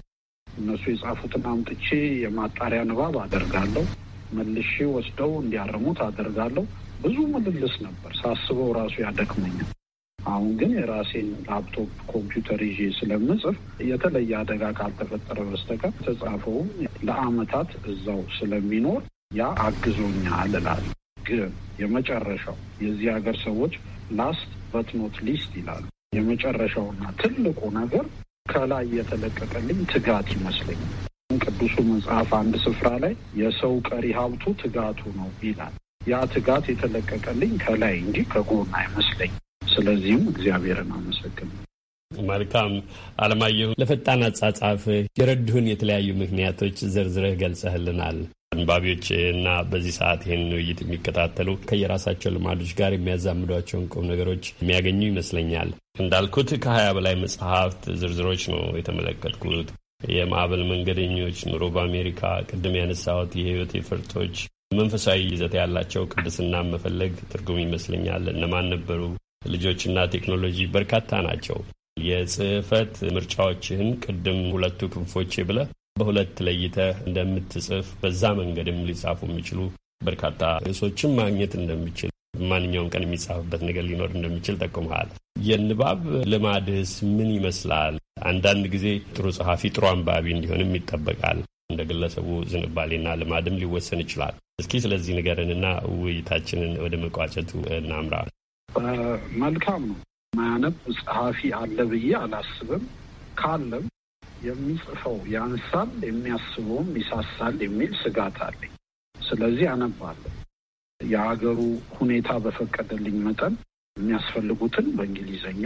እነሱ የጻፉትን አምጥቼ የማጣሪያ ንባብ አደርጋለሁ፣ መልሼ ወስደው እንዲያረሙት አደርጋለሁ። ብዙ ምልልስ ነበር፣ ሳስበው ራሱ ያደክመኛል። አሁን ግን የራሴን ላፕቶፕ ኮምፒውተር ይዤ ስለምጽፍ የተለየ አደጋ ካልተፈጠረ በስተቀር ተጻፈውም ለአመታት እዛው ስለሚኖር ያ አግዞኛል እላለሁ ግን የመጨረሻው የዚህ ሀገር ሰዎች ላስት በት ኖት ሊስት ይላሉ። የመጨረሻውና ትልቁ ነገር ከላይ የተለቀቀልኝ ትጋት ይመስለኛል። ቅዱሱ መጽሐፍ አንድ ስፍራ ላይ የሰው ቀሪ ሀብቱ ትጋቱ ነው ይላል። ያ ትጋት የተለቀቀልኝ ከላይ እንጂ ከጎን አይመስለኝ ስለዚህም እግዚአብሔርን አመሰግን። መልካም አለማየሁ፣ ለፈጣን አጻጻፍህ የረድሁን የተለያዩ ምክንያቶች ዘርዝረህ ገልጸህልናል። አንባቢዎች እና በዚህ ሰዓት ይህን ውይይት የሚከታተሉ ከየራሳቸው ልማዶች ጋር የሚያዛምዷቸውን ቁም ነገሮች የሚያገኙ ይመስለኛል። እንዳልኩት ከሀያ በላይ መጽሐፍት ዝርዝሮች ነው የተመለከትኩት። የማዕበል መንገደኞች፣ ኑሮ በአሜሪካ፣ ቅድም ያነሳሁት የህይወት የፍርጦች፣ መንፈሳዊ ይዘት ያላቸው ቅድስና መፈለግ ትርጉም ይመስለኛል። እነማን ነበሩ? ልጆችና ቴክኖሎጂ በርካታ ናቸው። የጽህፈት ምርጫዎችህን ቅድም ሁለቱ ክንፎቼ ብለህ በሁለት ለይተህ እንደምትጽፍ በዛ መንገድም ሊጻፉ የሚችሉ በርካታ ርዕሶችን ማግኘት እንደሚችል ማንኛውም ቀን የሚጻፍበት ነገር ሊኖር እንደሚችል ጠቁመሃል። የንባብ ልማድስ ምን ይመስላል? አንዳንድ ጊዜ ጥሩ ጸሐፊ ጥሩ አንባቢ እንዲሆንም ይጠበቃል። እንደ ግለሰቡ ዝንባሌና ልማድም ሊወሰን ይችላል። እስኪ ስለዚህ ንገረንና ውይይታችንን ወደ መቋጨቱ እናምራ። መልካም ነው። ማያነብ ጸሐፊ አለ ብዬ አላስብም። ካለም የሚጽፈው ያንሳል፣ የሚያስበውም ይሳሳል የሚል ስጋት አለኝ። ስለዚህ አነባለሁ። የሀገሩ ሁኔታ በፈቀደልኝ መጠን የሚያስፈልጉትን በእንግሊዝኛ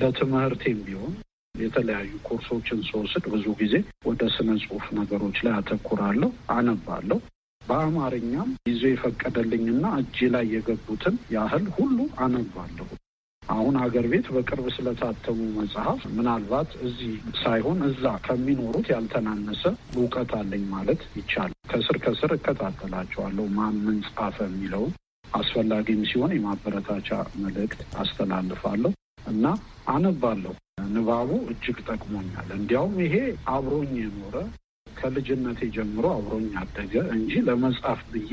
ለትምህርቴም ቢሆን የተለያዩ ኮርሶችን ስወስድ ብዙ ጊዜ ወደ ስነ ጽሁፍ ነገሮች ላይ አተኩራለሁ፣ አነባለሁ። በአማርኛም ይዞ የፈቀደልኝና እጅ ላይ የገቡትን ያህል ሁሉ አነባለሁ። አሁን ሀገር ቤት በቅርብ ስለታተሙ መጽሐፍ ምናልባት እዚህ ሳይሆን እዛ ከሚኖሩት ያልተናነሰ እውቀት አለኝ ማለት ይቻላል። ከስር ከስር እከታተላቸዋለሁ። ማን ምን ጻፈ የሚለውን አስፈላጊም ሲሆን የማበረታቻ መልእክት አስተላልፋለሁ እና አነባለሁ። ንባቡ እጅግ ጠቅሞኛል። እንዲያውም ይሄ አብሮኝ የኖረ ከልጅነቴ ጀምሮ አብሮኝ ያደገ እንጂ ለመጻፍ ብዬ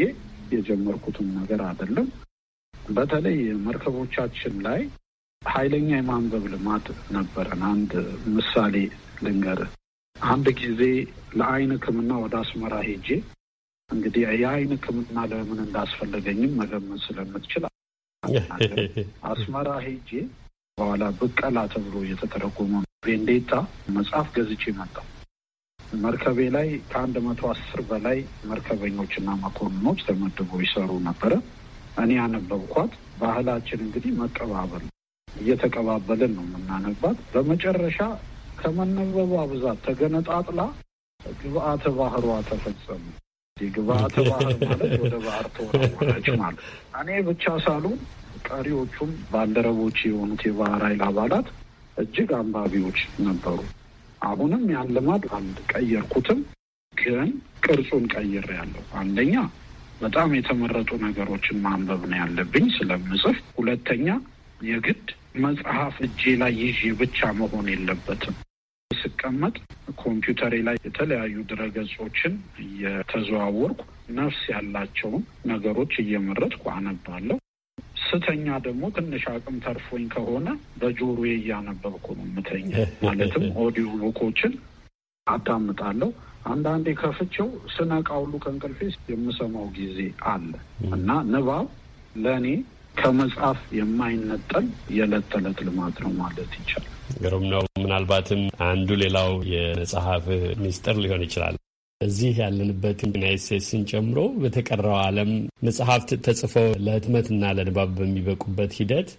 የጀመርኩትም ነገር አይደለም። በተለይ መርከቦቻችን ላይ ኃይለኛ የማንበብ ልማድ ነበረን። አንድ ምሳሌ ልንገር። አንድ ጊዜ ለአይን ሕክምና ወደ አስመራ ሄጄ እንግዲህ የአይን ሕክምና ለምን እንዳስፈለገኝም መገመት ስለምትችል አስመራ ሄጄ በኋላ ብቀላ ተብሎ የተተረጎመ ቬንዴታ መጽሐፍ ገዝቼ መጣሁ። መርከቤ ላይ ከአንድ መቶ አስር በላይ መርከበኞችና መኮንኖች ተመድቦ ይሰሩ ነበረ። እኔ ያነበብኳት ባህላችን እንግዲህ መቀባበል እየተቀባበልን ነው የምናነባት። በመጨረሻ ከመነበቧ ብዛት ተገነጣጥላ ግብአተ ባህሯ ተፈጸሙ። የግብአተ ባህር ማለት ወደ ባህር ተወረወረች ማለት እኔ ብቻ ሳሉ ቀሪዎቹም ባልደረቦች የሆኑት የባህር ኃይል አባላት እጅግ አንባቢዎች ነበሩ። አሁንም ያን ልማድ አልቀየርኩትም፣ ግን ቅርጹን ያለው አንደኛ በጣም የተመረጡ ነገሮችን ማንበብ ነው ያለብኝ ስለምጽፍ፣ ሁለተኛ የግድ መጽሐፍ እጄ ላይ ይዤ ብቻ መሆን የለበትም። ስቀመጥ ኮምፒውተሬ ላይ የተለያዩ ድረገጾችን እየተዘዋወርኩ ነፍስ ያላቸውን ነገሮች እየመረጥኩ አነባለሁ። ስተኛ ደግሞ ትንሽ አቅም ተርፎኝ ከሆነ በጆሮዬ እያነበብኩ ነው የምተኛ። ማለትም ኦዲዮ ቡኮችን አዳምጣለሁ። አንዳንዴ ከፍቼው ስነቃ ሁሉ ከእንቅልፌ የምሰማው ጊዜ አለ እና ንባብ ለእኔ ከመጽሐፍ የማይነጠል የዕለት ተዕለት ልማት ነው ማለት ይቻላል። ግሩም ነው። ምናልባትም አንዱ ሌላው የመጽሐፍ ሚስጥር ሊሆን ይችላል። እዚህ ያለንበት ዩናይት ስቴትስን ጨምሮ በተቀረው ዓለም መጽሐፍት ተጽፈው ለህትመትና ለንባብ በሚበቁበት ሂደት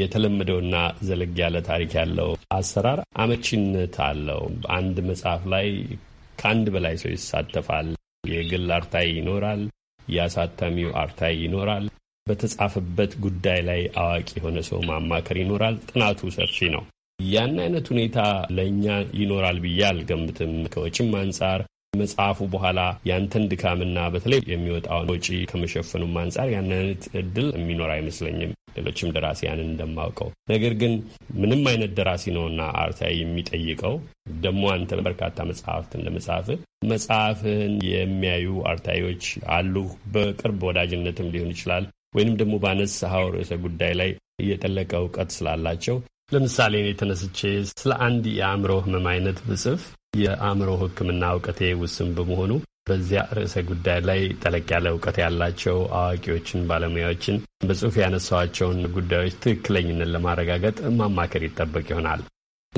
የተለመደውና ዘለግ ያለ ታሪክ ያለው አሰራር አመቺነት አለው። በአንድ መጽሐፍ ላይ ከአንድ በላይ ሰው ይሳተፋል። የግል አርታይ ይኖራል። የአሳታሚው አርታይ ይኖራል። በተጻፈበት ጉዳይ ላይ አዋቂ የሆነ ሰው ማማከር ይኖራል። ጥናቱ ሰፊ ነው። ያን አይነት ሁኔታ ለእኛ ይኖራል ብዬ አልገምትም። ከወጪም አንጻር መጽሐፉ በኋላ ያንተን ድካምና በተለይ የሚወጣውን ወጪ ከመሸፈኑም አንጻር ያን አይነት እድል የሚኖር አይመስለኝም። ሌሎችም ደራሲያንን እንደማውቀው ነገር ግን ምንም አይነት ደራሲ ነውና አርታይ የሚጠይቀው ደግሞ አንተ በርካታ መጽሐፍት እንደ መጽሐፍህን የሚያዩ አርታዎች አሉ። በቅርብ ወዳጅነትም ሊሆን ይችላል ወይንም ደግሞ ባነሳኸው ርዕሰ ጉዳይ ላይ እየጠለቀ እውቀት ስላላቸው ለምሳሌ እኔ ተነስቼ ስለ አንድ የአእምሮ ህመም አይነት ብጽፍ የአእምሮ ሕክምና እውቀቴ ውስን በመሆኑ በዚያ ርዕሰ ጉዳይ ላይ ጠለቅ ያለ እውቀት ያላቸው አዋቂዎችን፣ ባለሙያዎችን በጽሁፍ ያነሳዋቸውን ጉዳዮች ትክክለኝነት ለማረጋገጥ ማማከር ይጠበቅ ይሆናል።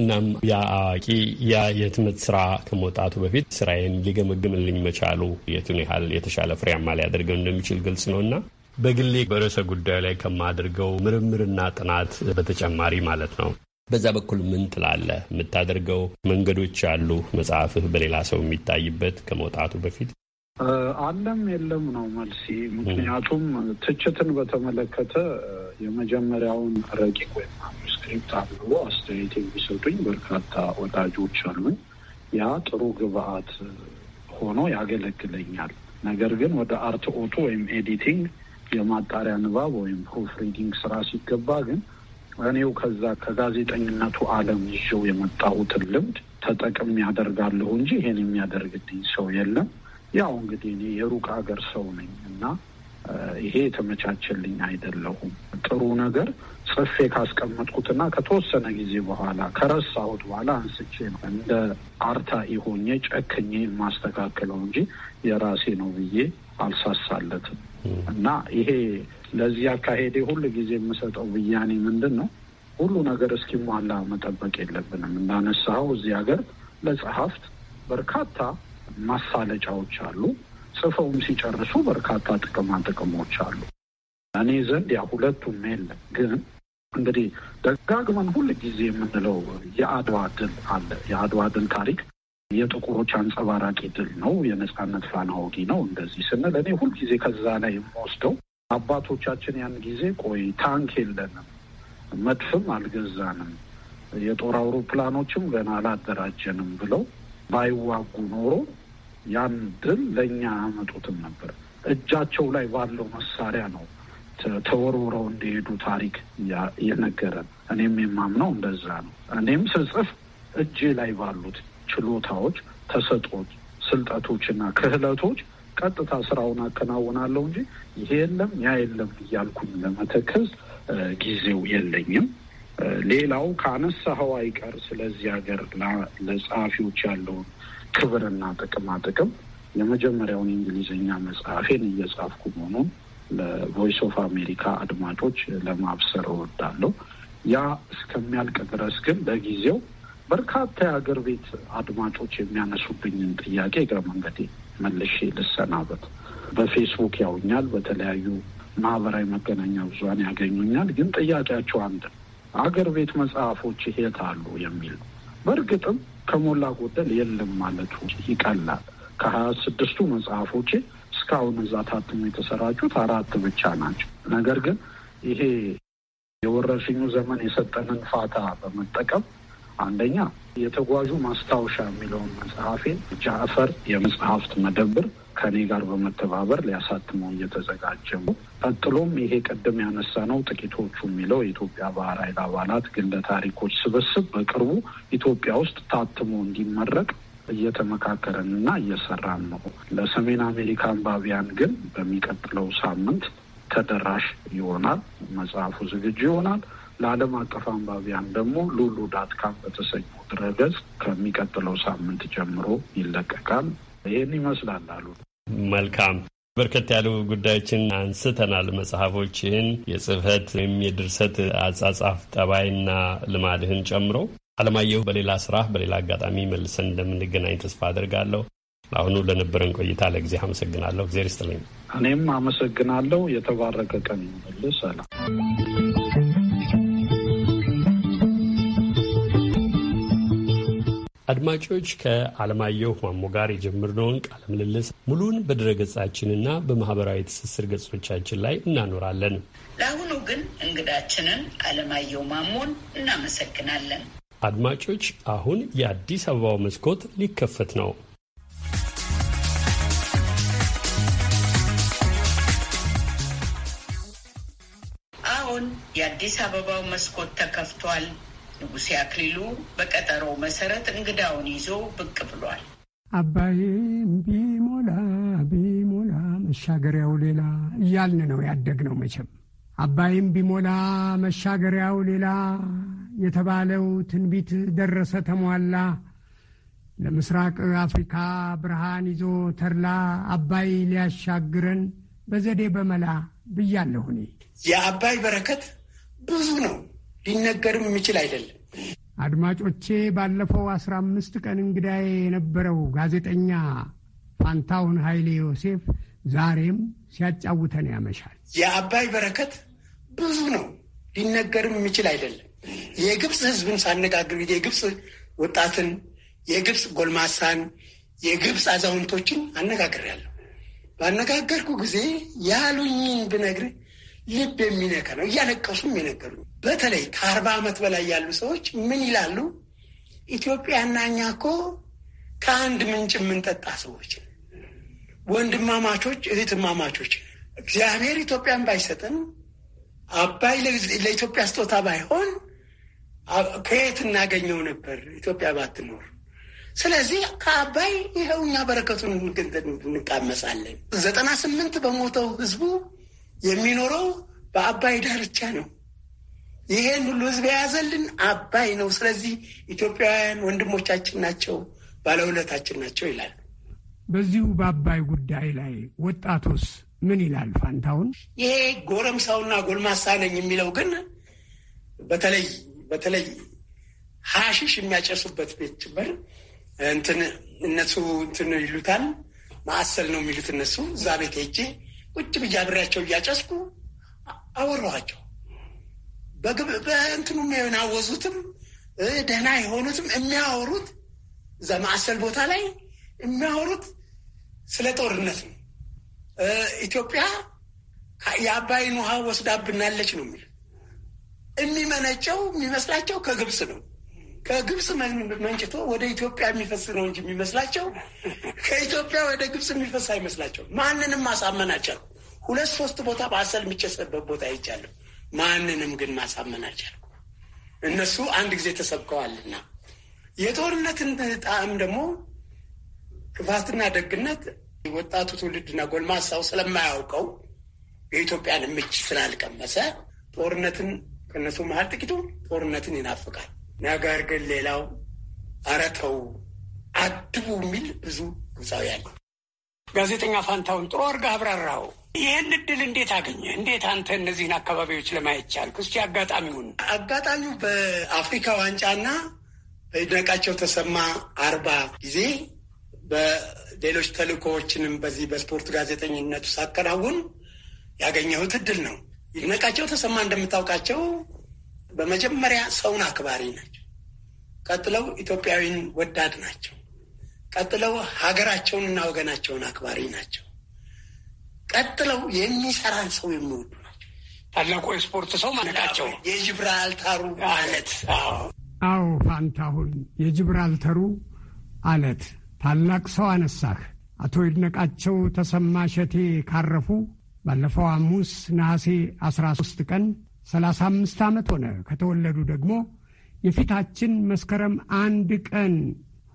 እናም ያ አዋቂ ያ የትምህርት ስራ ከመውጣቱ በፊት ስራዬን ሊገመግምልኝ መቻሉ የቱን ያህል የተሻለ ፍሬያማ ሊያደርገው እንደሚችል ግልጽ ነውና በግሌ በርዕሰ ጉዳዩ ላይ ከማድርገው ምርምርና ጥናት በተጨማሪ ማለት ነው። በዛ በኩል ምን ትላለህ? የምታደርገው መንገዶች አሉ? መጽሐፍህ በሌላ ሰው የሚታይበት ከመውጣቱ በፊት አለም የለም ነው መልሲ። ምክንያቱም ትችትን በተመለከተ የመጀመሪያውን ረቂቅ ወይም ማኑስክሪፕት አንብቦ አስተያየት የሚሰጡኝ በርካታ ወዳጆች አሉኝ። ያ ጥሩ ግብአት ሆኖ ያገለግለኛል። ነገር ግን ወደ አርትኦቱ ወይም ኤዲቲንግ የማጣሪያ ንባብ ወይም ፕሩፍ ሪዲንግ ስራ ሲገባ ግን እኔው ከዛ ከጋዜጠኝነቱ ዓለም ይዤው የመጣሁትን ልምድ ተጠቅም ያደርጋለሁ እንጂ ይሄን የሚያደርግልኝ ሰው የለም። ያው እንግዲህ እኔ የሩቅ ሀገር ሰው ነኝ እና ይሄ የተመቻቸልኝ አይደለሁም። ጥሩ ነገር ጽፌ ካስቀመጥኩትና ከተወሰነ ጊዜ በኋላ ከረሳሁት በኋላ አንስቼ ነው እንደ አርታኢ ሆኜ ጨክኜ የማስተካከለው እንጂ የራሴ ነው ብዬ አልሳሳለትም። እና ይሄ ለዚህ አካሄዴ ሁል ጊዜ የምሰጠው ብያኔ ምንድን ነው፣ ሁሉ ነገር እስኪሟላ መጠበቅ የለብንም። እንዳነሳኸው እዚህ ሀገር ለጸሐፍት በርካታ ማሳለጫዎች አሉ። ጽፈውም ሲጨርሱ በርካታ ጥቅማ ጥቅሞች አሉ። እኔ ዘንድ ያ ሁለቱም የለም። ግን እንግዲህ ደጋግመን ሁል ጊዜ የምንለው የአድዋ ድል አለ። የአድዋ ድል ታሪክ የጥቁሮች አንጸባራቂ ድል ነው፣ የነጻነት ፋና ወጊ ነው። እንደዚህ ስንል እኔ ሁልጊዜ ከዛ ላይ የምወስደው አባቶቻችን ያን ጊዜ ቆይ ታንክ የለንም፣ መድፍም አልገዛንም፣ የጦር አውሮፕላኖችም ገና አላደራጀንም ብለው ባይዋጉ ኖሮ ያን ድል ለእኛ አመጡትም ነበር። እጃቸው ላይ ባለው መሳሪያ ነው ተወርውረው እንደሄዱ ታሪክ የነገረን። እኔም የማምነው እንደዛ ነው። እኔም ስጽፍ እጄ ላይ ባሉት ችሎታዎች፣ ተሰጦች፣ ስልጠቶችና ክህለቶች ቀጥታ ስራውን አከናውናለሁ እንጂ ይሄ የለም ያ የለም እያልኩኝ ለመተከዝ ጊዜው የለኝም። ሌላው ከአነሳኸው አይቀር ስለዚህ ሀገር ለጸሐፊዎች ያለውን ክብርና ጥቅማ ጥቅም የመጀመሪያውን የእንግሊዝኛ መጽሐፌን እየጻፍኩ መሆኑን ለቮይስ ኦፍ አሜሪካ አድማጮች ለማብሰር እወዳለሁ። ያ እስከሚያልቅ ድረስ ግን ለጊዜው በርካታ የሀገር ቤት አድማጮች የሚያነሱብኝን ጥያቄ እግረ መንገዴ መልሼ ልሰናበት። በፌስቡክ ያውኛል፣ በተለያዩ ማህበራዊ መገናኛ ብዙን ያገኙኛል። ግን ጥያቄያቸው አንድ አገር ቤት መጽሐፎች የት አሉ የሚል በእርግጥም ከሞላ ጎደል የለም ማለቱ ይቀላል። ከሀያ ስድስቱ መጽሐፎች እስካሁን እዛ ታትሞ የተሰራጩት አራት ብቻ ናቸው። ነገር ግን ይሄ የወረርሽኙ ዘመን የሰጠንን ፋታ በመጠቀም አንደኛ የተጓዡ ማስታወሻ የሚለውን መጽሐፌን ጃፈር የመጽሐፍት መደብር ከኔ ጋር በመተባበር ሊያሳትመው እየተዘጋጀ ነው። ቀጥሎም ይሄ ቅድም ያነሳ ነው ጥቂቶቹ የሚለው የኢትዮጵያ ባህር ኃይል አባላት ግለ ታሪኮች ስብስብ በቅርቡ ኢትዮጵያ ውስጥ ታትሞ እንዲመረቅ እየተመካከረን እና እየሰራን ነው። ለሰሜን አሜሪካ አንባቢያን ግን በሚቀጥለው ሳምንት ተደራሽ ይሆናል። መጽሐፉ ዝግጁ ይሆናል። ለዓለም አቀፍ አንባቢያን ደግሞ ሉሉ ዳት ካም በተሰኘው ድረገጽ ከሚቀጥለው ሳምንት ጀምሮ ይለቀቃል። ይህን ይመስላል አሉ። መልካም በርከት ያሉ ጉዳዮችን አንስተናል። መጽሐፎችህን፣ የጽህፈት ወይም የድርሰት አጻጻፍ ጠባይና ልማድህን ጨምሮ አለማየሁ፣ በሌላ ስራ በሌላ አጋጣሚ መልሰን እንደምንገናኝ ተስፋ አድርጋለሁ። አሁኑ ለነበረን ቆይታ ለጊዜ አመሰግናለሁ። እግዜር ይስጥልኝ። እኔም አመሰግናለሁ። የተባረከ ቀን ይሁንልህ። ሰላም አድማጮች ከአለማየሁ ማሞ ጋር የጀመርነውን ቃለ ምልልስ ሙሉን በድረገጻችንና በማህበራዊ ትስስር ገጾቻችን ላይ እናኖራለን። ለአሁኑ ግን እንግዳችንን አለማየሁ ማሞን እናመሰግናለን። አድማጮች አሁን የአዲስ አበባው መስኮት ሊከፈት ነው። አሁን የአዲስ አበባው መስኮት ተከፍቷል። ንጉሴ አክሊሉ በቀጠሮው መሰረት እንግዳውን ይዞ ብቅ ብሏል። አባይም ቢሞላ ቢሞላ መሻገሪያው ሌላ እያልን ነው ያደግነው። መቼም አባይም ቢሞላ መሻገሪያው ሌላ የተባለው ትንቢት ደረሰ ተሟላ። ለምስራቅ አፍሪካ ብርሃን ይዞ ተድላ አባይ ሊያሻግረን በዘዴ በመላ ብያለሁ እኔ። የአባይ በረከት ብዙ ነው። ሊነገርም የሚችል አይደለም። አድማጮቼ ባለፈው አስራ አምስት ቀን እንግዳዬ የነበረው ጋዜጠኛ ፋንታውን ኃይሌ ዮሴፍ ዛሬም ሲያጫውተን ያመሻል። የአባይ በረከት ብዙ ነው፣ ሊነገርም የሚችል አይደለም። የግብፅ ህዝብን ሳነጋግር የግብፅ ወጣትን፣ የግብፅ ጎልማሳን፣ የግብፅ አዛውንቶችን አነጋግሬያለሁ። ባነጋገርኩ ጊዜ ያሉኝን ብነግርህ ልብ የሚነካ ነው። እያለቀሱም የነገሩ በተለይ ከአርባ ዓመት በላይ ያሉ ሰዎች ምን ይላሉ? ኢትዮጵያና እኛ እኮ ከአንድ ምንጭ የምንጠጣ ሰዎች ወንድማማቾች፣ እህትማማቾች እግዚአብሔር ኢትዮጵያን ባይሰጥን አባይ ለኢትዮጵያ ስጦታ ባይሆን ከየት እናገኘው ነበር ኢትዮጵያ ባትኖር? ስለዚህ ከአባይ ይኸው እኛ በረከቱን እንቃመሳለን። ዘጠና ስምንት በሞተው ህዝቡ የሚኖረው በአባይ ዳርቻ ነው። ይሄን ሁሉ ህዝብ የያዘልን አባይ ነው። ስለዚህ ኢትዮጵያውያን ወንድሞቻችን ናቸው፣ ባለውለታችን ናቸው ይላል። በዚሁ በአባይ ጉዳይ ላይ ወጣቶስ ምን ይላል? ፋንታውን ይሄ ጎረምሳውና ጎልማሳ ነኝ የሚለው ግን በተለይ በተለይ ሀሽሽ የሚያጨሱበት ቤት ጭምር እንትን እነሱ እንትን ይሉታል ማዕሰል ነው የሚሉት እነሱ እዛ ቤት ሄጄ ቁጭ ብዬ አብሬያቸው እያጨስኩ አወራኋቸው። በእንትኑ የናወዙትም ደህና የሆኑትም የሚያወሩት እዛ ማዕሰል ቦታ ላይ የሚያወሩት ስለ ጦርነት ነው። ኢትዮጵያ የአባይን ውሃ ወስዳብናለች ነው የሚል የሚመነጨው የሚመስላቸው ከግብፅ ነው። ከግብፅ መንጭቶ ወደ ኢትዮጵያ የሚፈስ ነው እንጂ የሚመስላቸው ከኢትዮጵያ ወደ ግብፅ የሚፈስ አይመስላቸው። ማንንም ማሳመናቸው ሁለት ሶስት ቦታ በአሰል የሚጨሰበት ቦታ አይቻለሁ። ማንንም ግን ማሳመናቸው እነሱ አንድ ጊዜ ተሰብከዋልና የጦርነትን ጣዕም ደግሞ ክፋትና ደግነት ወጣቱ ትውልድና ጎልማሳው ስለማያውቀው የኢትዮጵያን ምች ስላልቀመሰ ጦርነትን ከእነሱ መሀል ጥቂቱ ጦርነትን ይናፍቃል። ነገር ግን ሌላው አረተው አድቡ የሚል ብዙ ግብፃውያን ጋዜጠኛ ፋንታውን ጥሩ አድርገህ አብራራው ይህን እድል እንዴት አገኘ? እንዴት አንተ እነዚህን አካባቢዎች ለማየት ቻልክ? እስኪ አጋጣሚውን። አጋጣሚው በአፍሪካ ዋንጫና በይድነቃቸው ተሰማ አርባ ጊዜ በሌሎች ተልእኮዎችንም በዚህ በስፖርት ጋዜጠኝነቱ ሳከናውን ያገኘሁት እድል ነው። ይድነቃቸው ተሰማ እንደምታውቃቸው በመጀመሪያ ሰውን አክባሪ ናቸው። ቀጥለው ኢትዮጵያዊን ወዳድ ናቸው። ቀጥለው ሀገራቸውንና ወገናቸውን አክባሪ ናቸው። ቀጥለው የሚሰራን ሰው የሚወዱ ናቸው። ታላቁ የስፖርት ሰው ማለቃቸው የጅብራልተሩ አለት። አዎ ፋንታሁን፣ የጅብራልተሩ አለት ታላቅ ሰው አነሳህ። አቶ ይድነቃቸው ተሰማ ሸቴ ካረፉ ባለፈው ሐሙስ ነሐሴ 13 ቀን ሰላሳ አምስት ዓመት ሆነ። ከተወለዱ ደግሞ የፊታችን መስከረም አንድ ቀን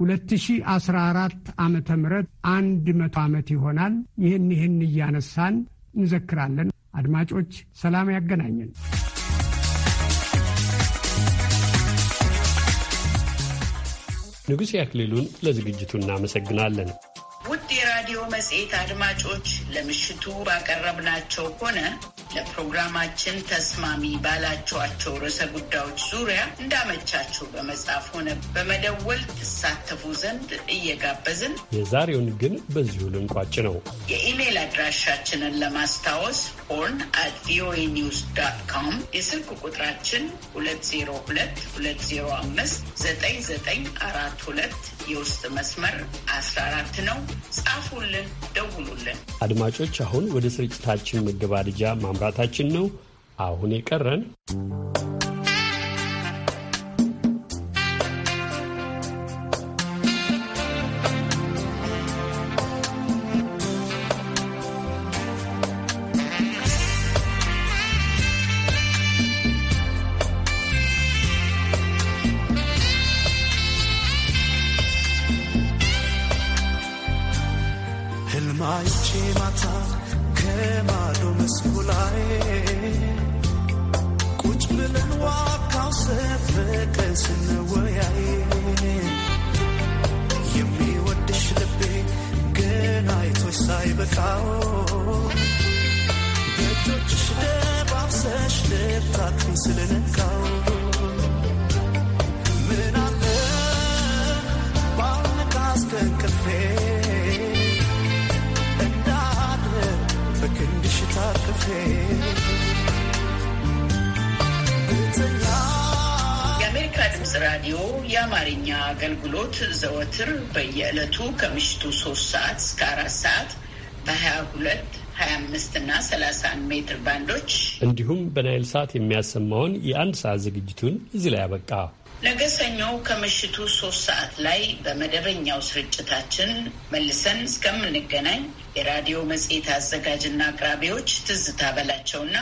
2014 ዓመተ ምህረት አንድ መቶ ዓመት ይሆናል። ይህን ይህን እያነሳን እንዘክራለን። አድማጮች ሰላም ያገናኘን። ንጉሥ ያክሊሉን ለዝግጅቱ እናመሰግናለን። ውድ የራዲዮ መጽሔት አድማጮች ለምሽቱ ባቀረብናቸው ሆነ ለፕሮግራማችን ተስማሚ ባላችኋቸው ርዕሰ ጉዳዮች ዙሪያ እንዳመቻችሁ በመጻፍ ሆነ በመደወል ትሳተፉ ዘንድ እየጋበዝን የዛሬውን ግን በዚሁ ልንቋጭ ነው። የኢሜይል አድራሻችንን ለማስታወስ ሆርን አት ቪኦኤ ኒውስ ዳት የስልክ ቁጥራችን 202205 9942 የውስጥ መስመር 14 ነው። ጻፉልን፣ ደውሉልን። አድማጮች አሁን ወደ ስርጭታችን መገባደጃ ማምራታችን ነው። አሁን የቀረን በናይል ሳት የሚያሰማውን የአንድ ሰዓት ዝግጅቱን እዚህ ላይ አበቃ። ነገ ከምሽቱ ሶስት ሰዓት ላይ በመደበኛው ስርጭታችን መልሰን እስከምንገናኝ የራዲዮ መጽሔት አዘጋጅና አቅራቢዎች ትዝታ በላቸውና